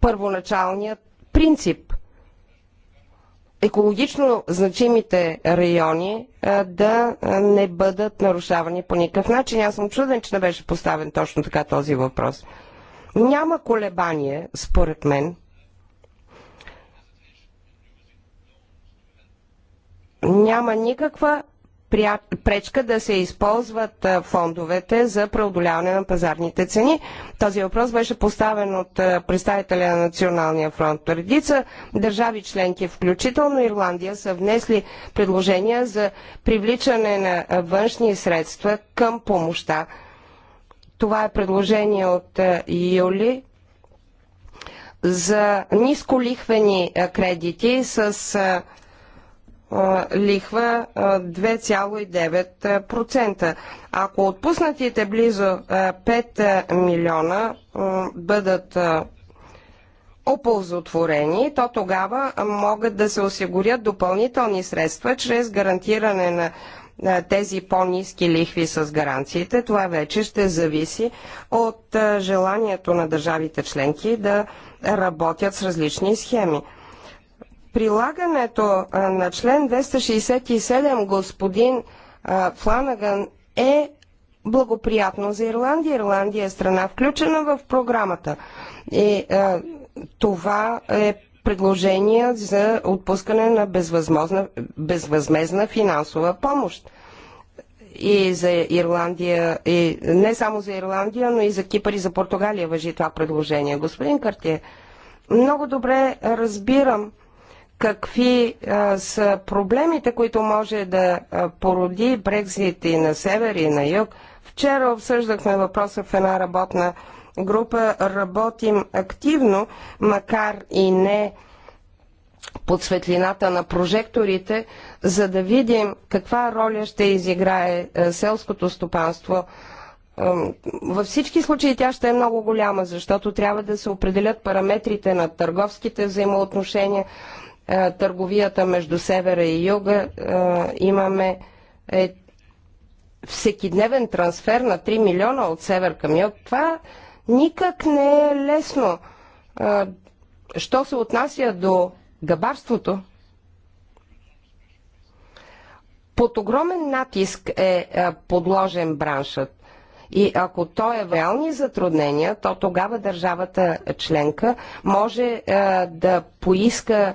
първоначалният принцип екологично значимите райони да не бъдат нарушавани по никакъв начин. Аз съм чуден, че не беше поставен точно така този въпрос. Няма колебание, според мен. Няма никаква пречка да се използват фондовете за преодоляване на пазарните цени. Този въпрос беше поставен от представителя на Националния фронт. Редица държави членки, включително Ирландия, са внесли предложения за привличане на външни средства към помощта. Това е предложение от юли за нисколихвени кредити с лихва 2,9%. Ако отпуснатите близо 5 милиона бъдат оползотворени, то тогава могат да се осигурят допълнителни средства чрез гарантиране на тези по-низки лихви с гаранциите. Това вече ще зависи от желанието на държавите членки да работят с различни схеми. Прилагането на член 267, господин Фланаган, е благоприятно за Ирландия. Ирландия е страна включена в програмата. И а, това е предложение за отпускане на безвъзмезна финансова помощ. И за Ирландия, и не само за Ирландия, но и за Кипър и за Португалия въжи това предложение. Господин Картие, много добре разбирам какви а, са проблемите, които може да а, породи Брекзит и на север и на юг. Вчера обсъждахме въпроса в една работна група. Работим активно, макар и не под светлината на прожекторите, за да видим каква роля ще изиграе селското стопанство. Във всички случаи тя ще е много голяма, защото трябва да се определят параметрите на търговските взаимоотношения, е, търговията между севера и юга е, имаме е, всекидневен трансфер на 3 милиона от север към юг. Това никак не е лесно. Е, що се отнася до габарството, под огромен натиск е подложен браншът. И ако то е в реални затруднения, то тогава държавата членка може да поиска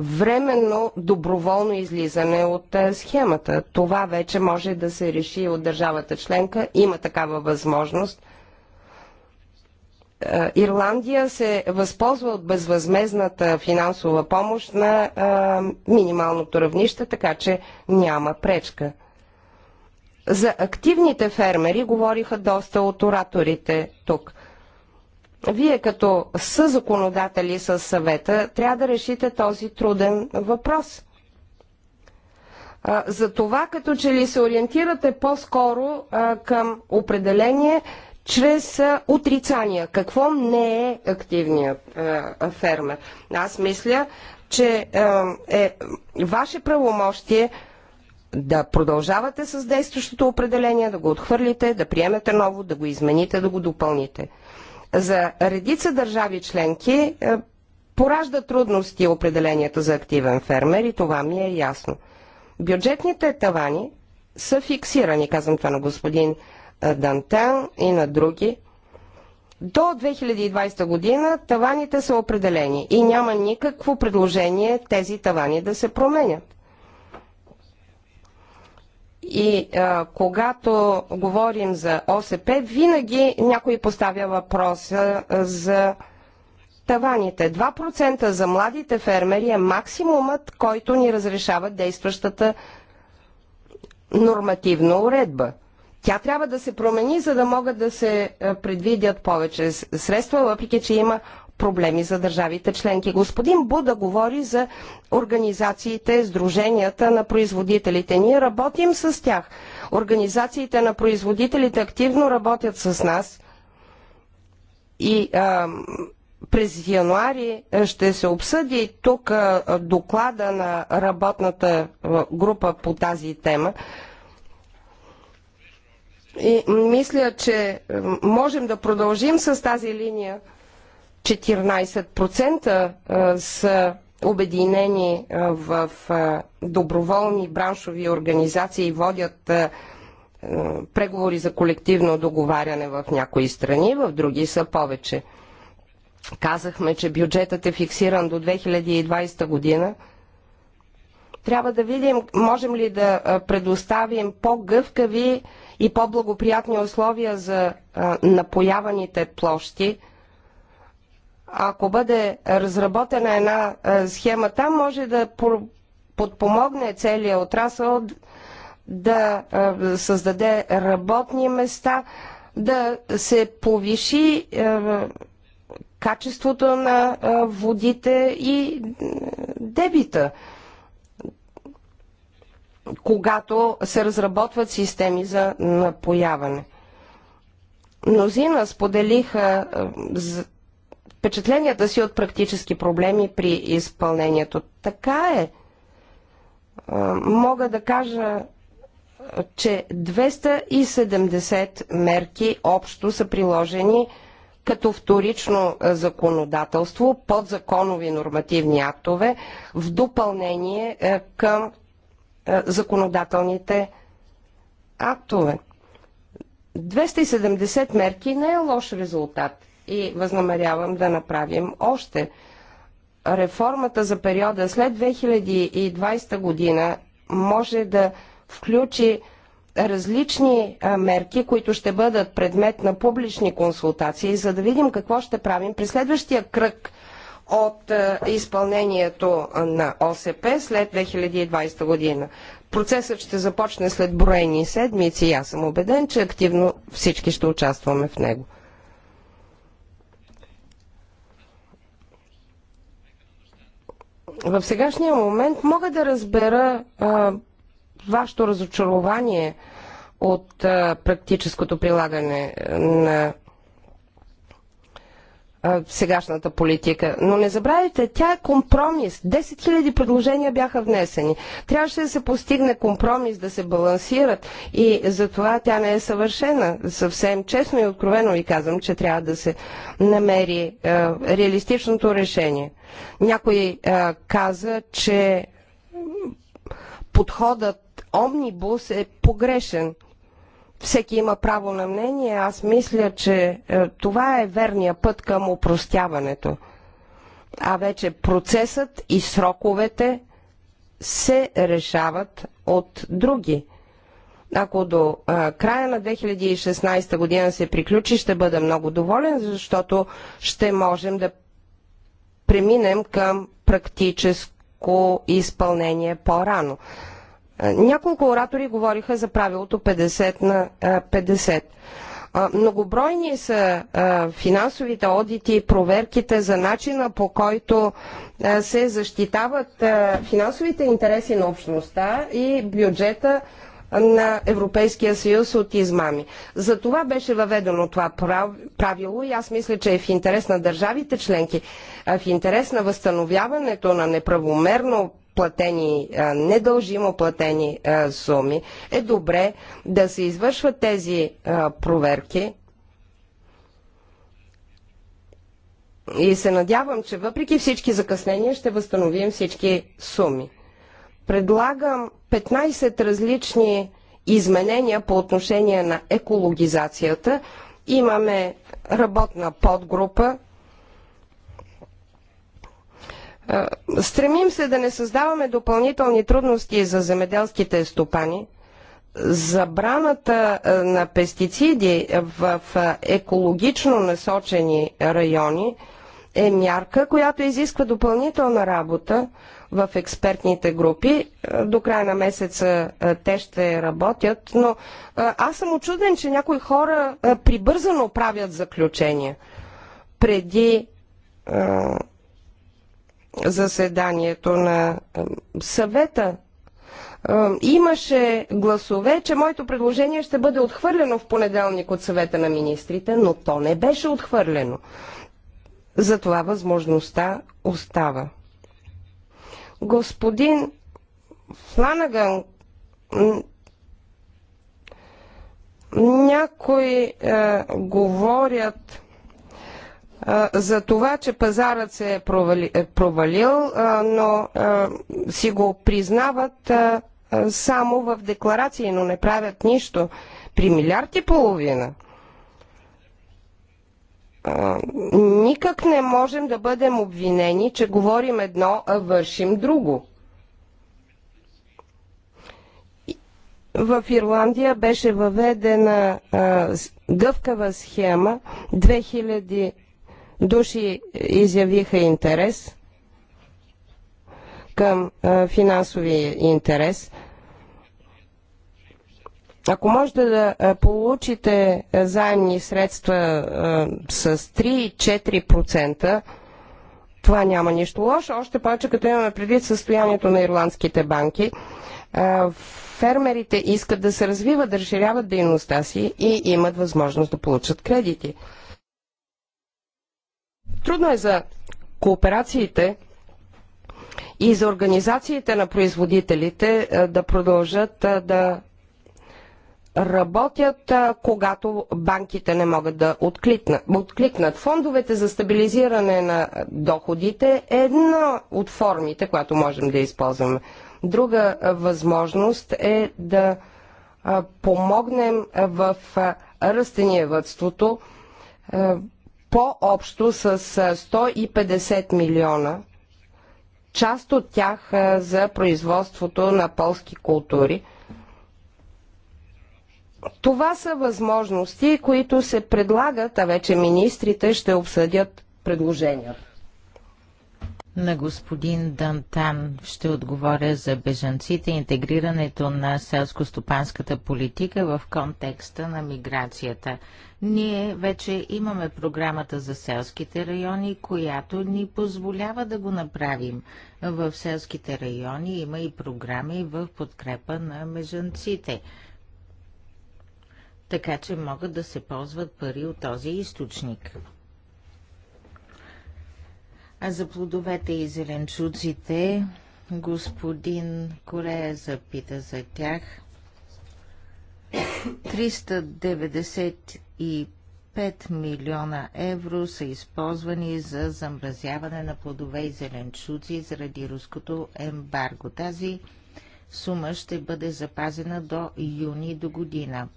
временно доброволно излизане от е, схемата. Това вече може да се реши от държавата членка. Има такава възможност. Е, Ирландия се възползва от безвъзмезната финансова помощ на е, минималното равнище, така че няма пречка. За активните фермери говориха доста от ораторите тук. Вие като съзаконодатели с съвета трябва да решите този труден въпрос. За това като че ли се ориентирате по-скоро към определение чрез отрицания. Какво не е активният фермер? Аз мисля, че е ваше правомощие да продължавате с действащото определение, да го отхвърлите, да приемете ново, да го измените, да го допълните. За редица държави членки е, поражда трудности определението за активен фермер и това ми е ясно. Бюджетните тавани са фиксирани, казвам това на господин е, Дантен и на други. До 2020 година таваните са определени и няма никакво предложение тези тавани да се променят. И а, когато говорим за ОСП, винаги някой поставя въпроса за таваните. 2% за младите фермери е максимумът, който ни разрешава действащата нормативна уредба. Тя трябва да се промени, за да могат да се предвидят повече средства, въпреки че има проблеми за държавите членки. Господин Буда говори за организациите, сдруженията на производителите. Ние работим с тях. Организациите на производителите активно работят с нас и а, през януари ще се обсъди тук доклада на работната група по тази тема. И мисля, че можем да продължим с тази линия 14% са обединени в доброволни браншови организации и водят преговори за колективно договаряне в някои страни, в други са повече. Казахме, че бюджетът е фиксиран до 2020 година. Трябва да видим, можем ли да предоставим по-гъвкави и по-благоприятни условия за напояваните площи – ако бъде разработена една е, схема там, може да подпомогне целия отрасъл да е, създаде работни места, да се повиши е, качеството на водите и дебита, когато се разработват системи за напояване. Мнозина споделиха впечатленията си от практически проблеми при изпълнението. Така е. Мога да кажа, че 270 мерки общо са приложени като вторично законодателство, подзаконови нормативни актове, в допълнение е, към е, законодателните актове. 270 мерки не е лош резултат и възнамерявам да направим още. Реформата за периода след 2020 година може да включи различни мерки, които ще бъдат предмет на публични консултации, за да видим какво ще правим при следващия кръг от изпълнението на ОСП след 2020 година. Процесът ще започне след броени седмици и аз съм убеден, че активно всички ще участваме в него. в сегашния момент мога да разбера а, вашето разочарование от а, практическото прилагане на сегашната политика. Но не забравяйте, тя е компромис. 10 000 предложения бяха внесени. Трябваше да се постигне компромис, да се балансират и затова тя не е съвършена. Съвсем честно и откровено ви казвам, че трябва да се намери е, реалистичното решение. Някой е, каза, че подходът омнибус е погрешен всеки има право на мнение. Аз мисля, че е, това е верния път към упростяването. А вече процесът и сроковете се решават от други. Ако до а, е, края на 2016 година се приключи, ще бъда много доволен, защото ще можем да преминем към практическо изпълнение по-рано. Няколко оратори говориха за правилото 50 на 50. Многобройни са финансовите одити и проверките за начина по който се защитават финансовите интереси на общността и бюджета на Европейския съюз от измами. За това беше въведено това правило и аз мисля, че е в интерес на държавите членки, в интерес на възстановяването на неправомерно платени, недължимо платени суми, е добре да се извършват тези проверки и се надявам, че въпреки всички закъснения ще възстановим всички суми. Предлагам 15 различни изменения по отношение на екологизацията. Имаме работна подгрупа, Стремим се да не създаваме допълнителни трудности за земеделските стопани. Забраната на пестициди в екологично насочени райони е мярка, която изисква допълнителна работа в експертните групи. До края на месеца те ще работят, но аз съм очуден, че някои хора прибързано правят заключения преди заседанието на съвета имаше гласове, че моето предложение ще бъде отхвърлено в понеделник от съвета на министрите, но то не беше отхвърлено. Затова възможността остава. Господин Фланаган, някои е, говорят за това, че пазарът се е, е провалил, но си го признават само в декларации, но не правят нищо. При милиард и половина никак не можем да бъдем обвинени, че говорим едно, а вършим друго. В Ирландия беше въведена а, гъвкава схема души изявиха интерес към финансовия интерес. Ако можете да получите заемни средства с 3-4%, това няма нищо лошо, още повече като имаме предвид състоянието на ирландските банки. Фермерите искат да се развиват, да разширяват дейността си и имат възможност да получат кредити. Трудно е за кооперациите и за организациите на производителите е, да продължат е, да работят, е, когато банките не могат да откликнат. Фондовете за стабилизиране на доходите е една от формите, която можем да използваме. Друга възможност е да помогнем в растениевътството по-общо с 150 милиона, част от тях за производството на полски култури. Това са възможности, които се предлагат, а вече министрите ще обсъдят предложенията. На господин Дантан ще отговоря за бежанците и интегрирането на селско-стопанската политика в контекста на миграцията. Ние вече имаме програмата за селските райони, която ни позволява да го направим. В селските райони има и програми в подкрепа на межанците. Така че могат да се ползват пари от този източник. А за плодовете и зеленчуците, господин Корея запита за тях. 390 и 5 милиона евро са използвани за замразяване на плодове и зеленчуци заради руското ембарго. Тази сума ще бъде запазена до юни до година.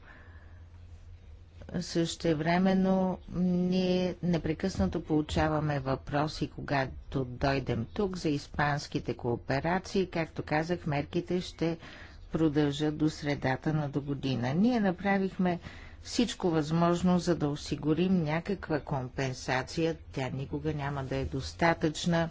Същевременно ние непрекъснато получаваме въпроси, когато дойдем тук за испанските кооперации. Както казах, мерките ще продължат до средата на до година. Ние направихме всичко възможно, за да осигурим някаква компенсация. Тя никога няма да е достатъчна,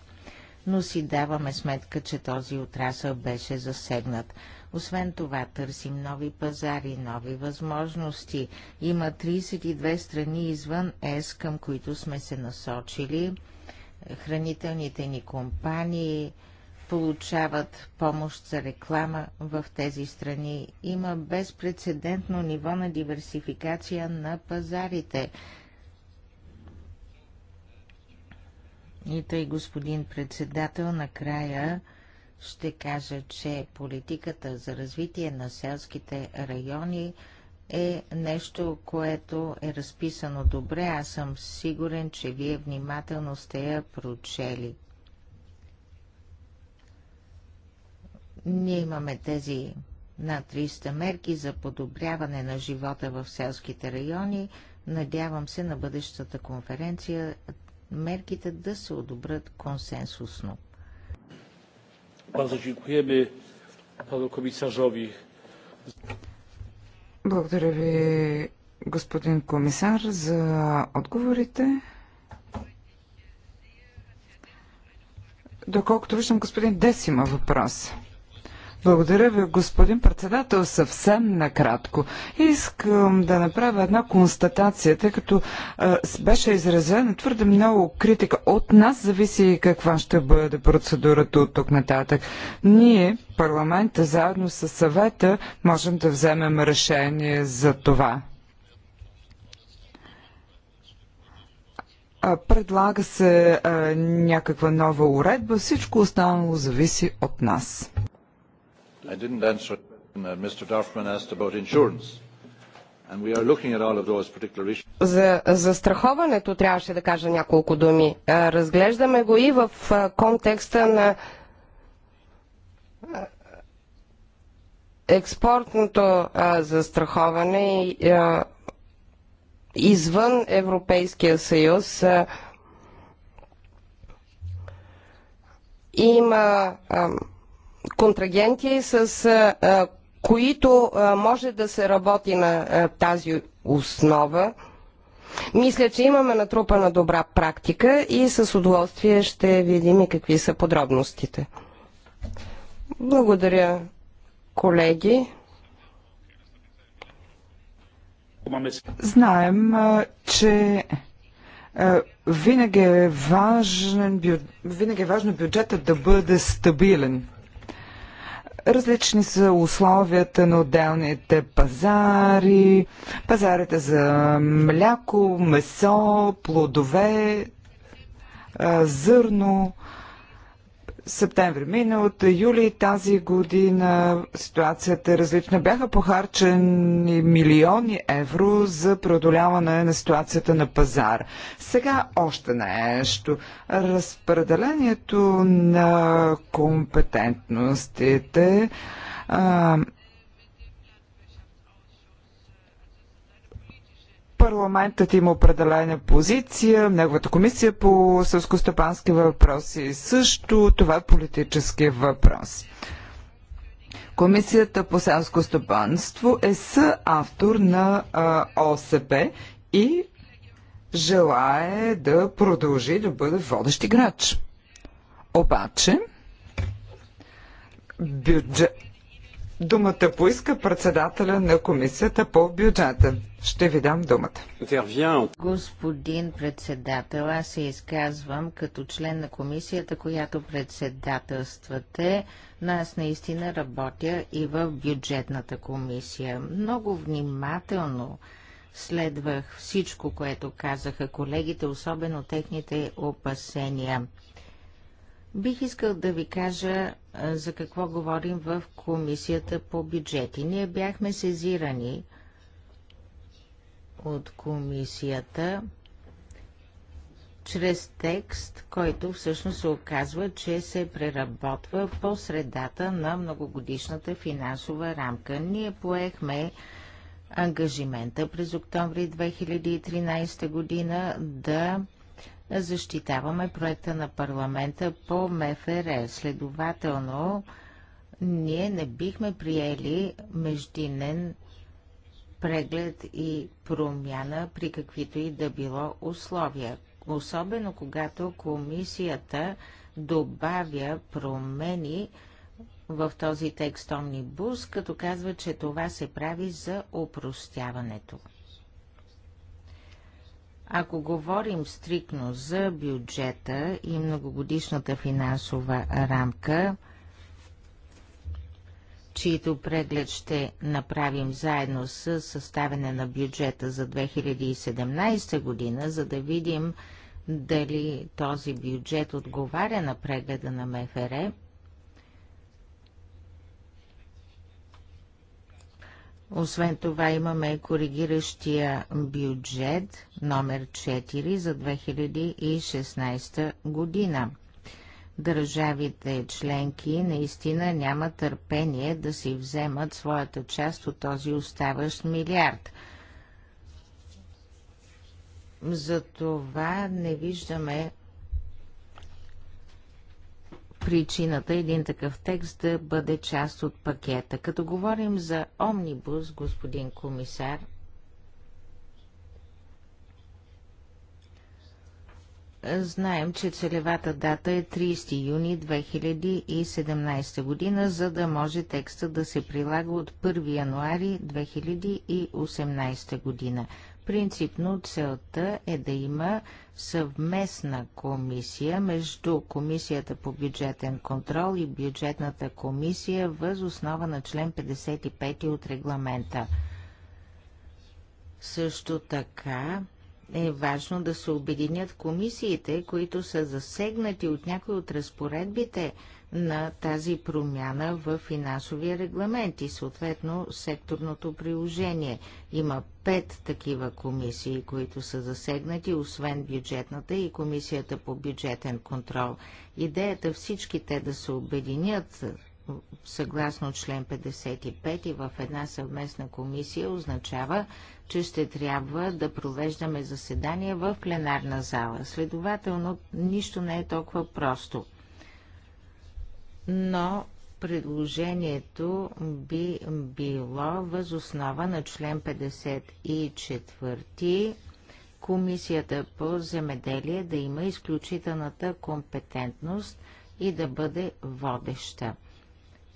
но си даваме сметка, че този отрасъл беше засегнат. Освен това, търсим нови пазари, нови възможности. Има 32 страни извън ЕС, към които сме се насочили. Хранителните ни компании, получават помощ за реклама в тези страни. Има безпредседентно ниво на диверсификация на пазарите. И тъй, господин председател, накрая ще кажа, че политиката за развитие на селските райони е нещо, което е разписано добре. Аз съм сигурен, че вие внимателно сте я прочели. Ние имаме тези над 300 мерки за подобряване на живота в селските райони. Надявам се на бъдещата конференция мерките да се одобрят консенсусно. Благодаря ви, господин комисар, за отговорите. Доколкото виждам, господин Дес има въпрос. Благодаря ви, господин председател. Съвсем накратко. Искам да направя една констатация, тъй като е, беше изразена твърде много критика. От нас зависи каква ще бъде процедурата от тук нататък. Ние, парламента, заедно с съвета, можем да вземем решение за това. Предлага се е, някаква нова уредба, всичко останало зависи от нас. I didn't answer uh, Mr. Dorfman asked about insurance. And we are looking at all of those particular issues. За застраховането трябваше да кажа няколко думи. Е, разглеждаме го и в е, контекста на е, експортното застраховане извън Европейския съюз има контрагенти, с които може да се работи на тази основа. Мисля, че имаме натрупана добра практика и с удоволствие ще видим и какви са подробностите. Благодаря, колеги. Знаем, че винаги е, важен, винаги е важно бюджетът да бъде стабилен. Различни са условията на отделните пазари, пазарите за мляко, месо, плодове, зърно септември мина, от юли тази година ситуацията е различна. Бяха похарчени милиони евро за преодоляване на ситуацията на пазар. Сега още нещо. Разпределението на компетентностите а, Парламентът има определена позиция, неговата комисия по сълскостопански въпроси също. Това е политически въпрос. Комисията по селско стопанство е съавтор на ОСП и желае да продължи да бъде водещ играч. Обаче, бюджет, Думата поиска председателя на комисията по бюджета. Ще ви дам думата. Господин председател, аз се изказвам като член на комисията, която председателствате, но аз наистина работя и в бюджетната комисия. Много внимателно следвах всичко, което казаха колегите, особено техните опасения – Бих искал да ви кажа за какво говорим в комисията по бюджети. Ние бяхме сезирани от комисията чрез текст, който всъщност се оказва, че се преработва по средата на многогодишната финансова рамка. Ние поехме ангажимента през октомври 2013 година да защитаваме проекта на парламента по МФР. Следователно, ние не бихме приели междинен преглед и промяна при каквито и да било условия. Особено когато комисията добавя промени в този текст Омнибус, като казва, че това се прави за упростяването. Ако говорим стрикно за бюджета и многогодишната финансова рамка, чието преглед ще направим заедно с съставяне на бюджета за 2017 година, за да видим дали този бюджет отговаря на прегледа на МФР, Освен това имаме коригиращия бюджет номер 4 за 2016 година. Държавите членки наистина няма търпение да си вземат своята част от този оставащ милиард. Затова не виждаме причината един такъв текст да бъде част от пакета. Като говорим за омнибус, господин комисар, знаем, че целевата дата е 30 юни 2017 година, за да може текста да се прилага от 1 януари 2018 година. Принципно целта е да има съвместна комисия между Комисията по бюджетен контрол и бюджетната комисия въз основа на член 55 от регламента. Също така е важно да се обединят комисиите, които са засегнати от някои от разпоредбите на тази промяна в финансовия регламент и съответно секторното приложение. Има пет такива комисии, които са засегнати, освен бюджетната и комисията по бюджетен контрол. Идеята всички те да се обединят е, съгласно член 55 и в една съвместна комисия означава, че ще трябва да провеждаме заседания в пленарна зала. Следователно, нищо не е толкова просто – но предложението би било възоснова на член 54 Комисията по земеделие да има изключителната компетентност и да бъде водеща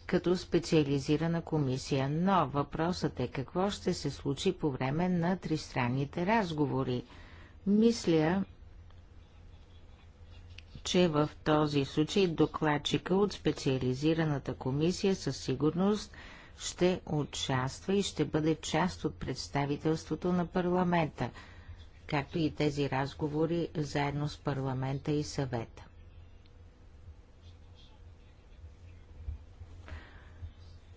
като специализирана комисия. Но въпросът е какво ще се случи по време на тристранните разговори. Мисля, че в този случай докладчика от специализираната комисия със сигурност ще участва и ще бъде част от представителството на парламента, както и тези разговори заедно с парламента и съвета.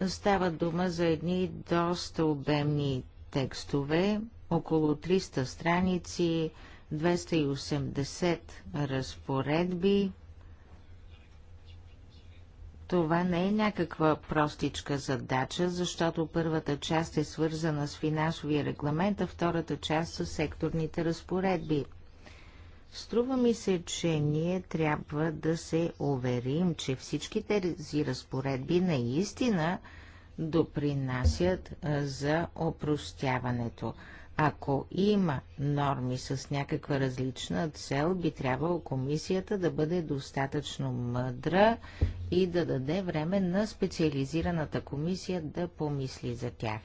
Става дума за едни доста обемни текстове, около 300 страници, 280 разпоредби. Това не е някаква простичка задача, защото първата част е свързана с финансовия регламент, а втората част с секторните разпоредби. Струва ми се, че ние трябва да се уверим, че всички тези разпоредби наистина допринасят за опростяването. Ако има норми с някаква различна цел, би трябвало комисията да бъде достатъчно мъдра и да даде време на специализираната комисия да помисли за тях.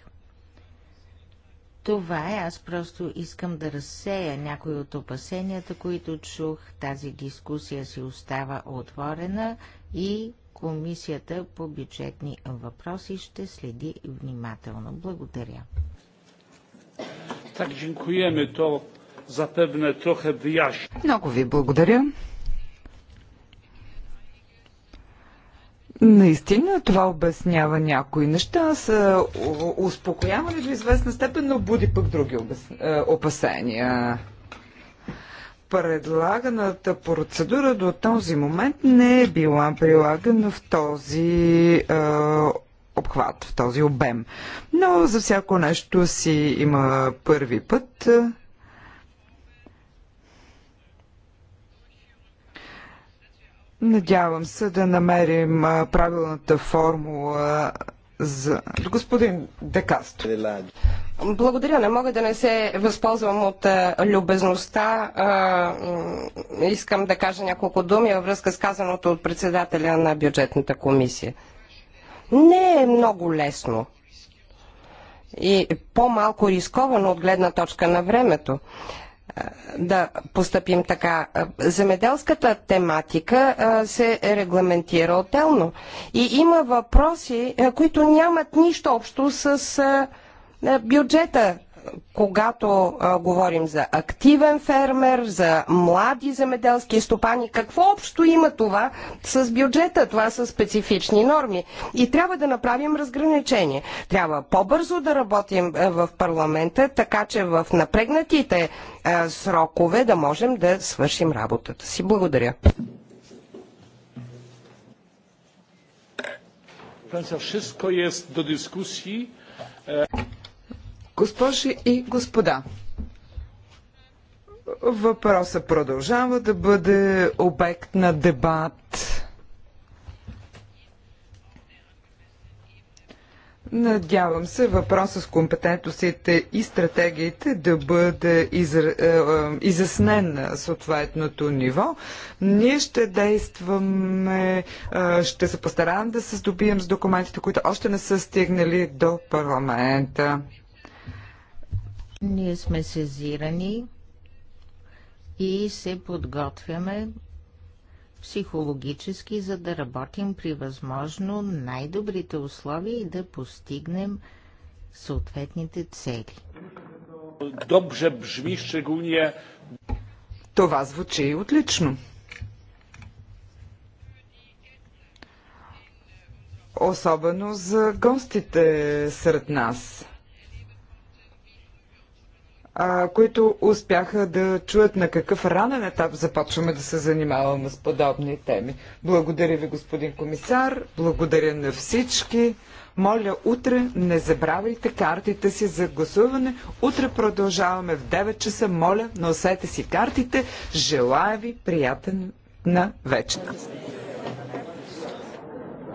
Това е, аз просто искам да разсея някои от опасенията, които чух. Тази дискусия си остава отворена и Комисията по бюджетни въпроси ще следи внимателно. Благодаря. Много ви благодаря. Наистина, това обяснява някои неща. Аз е, успокоявам до известна степен, но буди пък други е, опасения. Предлаганата процедура до този момент не е била прилагана в този е, обхват, в този обем. Но за всяко нещо си има първи път. Надявам се да намерим правилната формула за господин Декасто. Благодаря. Не мога да не се възползвам от любезността. Искам да кажа няколко думи във връзка с казаното от председателя на бюджетната комисия не е много лесно и по-малко рисковано от гледна точка на времето да постъпим така. Земеделската тематика се регламентира отделно. И има въпроси, които нямат нищо общо с бюджета когато а, говорим за активен фермер, за млади земеделски стопани, какво общо има това с бюджета? Това са специфични норми. И трябва да направим разграничение. Трябва по-бързо да работим в парламента, така че в напрегнатите а, срокове да можем да свършим работата си. Благодаря. Wszystko jest do dyskusji. Госпожи и господа, въпроса продължава да бъде обект на дебат. Надявам се въпросът с компетентностите и стратегиите да бъде изр... Е, е, изяснен на съответното ниво. Ние ще действаме, е, ще се постараем да се здобием с документите, които още не са стигнали до парламента. Ние сме сезирани и се подготвяме психологически, за да работим при възможно най-добрите условия и да постигнем съответните цели. Добре бжми, щегуния, Това звучи отлично. Особено за гостите сред нас а, които успяха да чуят на какъв ранен етап започваме да се занимаваме с подобни теми. Благодаря ви, господин комисар, благодаря на всички. Моля, утре не забравяйте картите си за гласуване. Утре продължаваме в 9 часа. Моля, носете си картите. Желая ви приятен на вечер.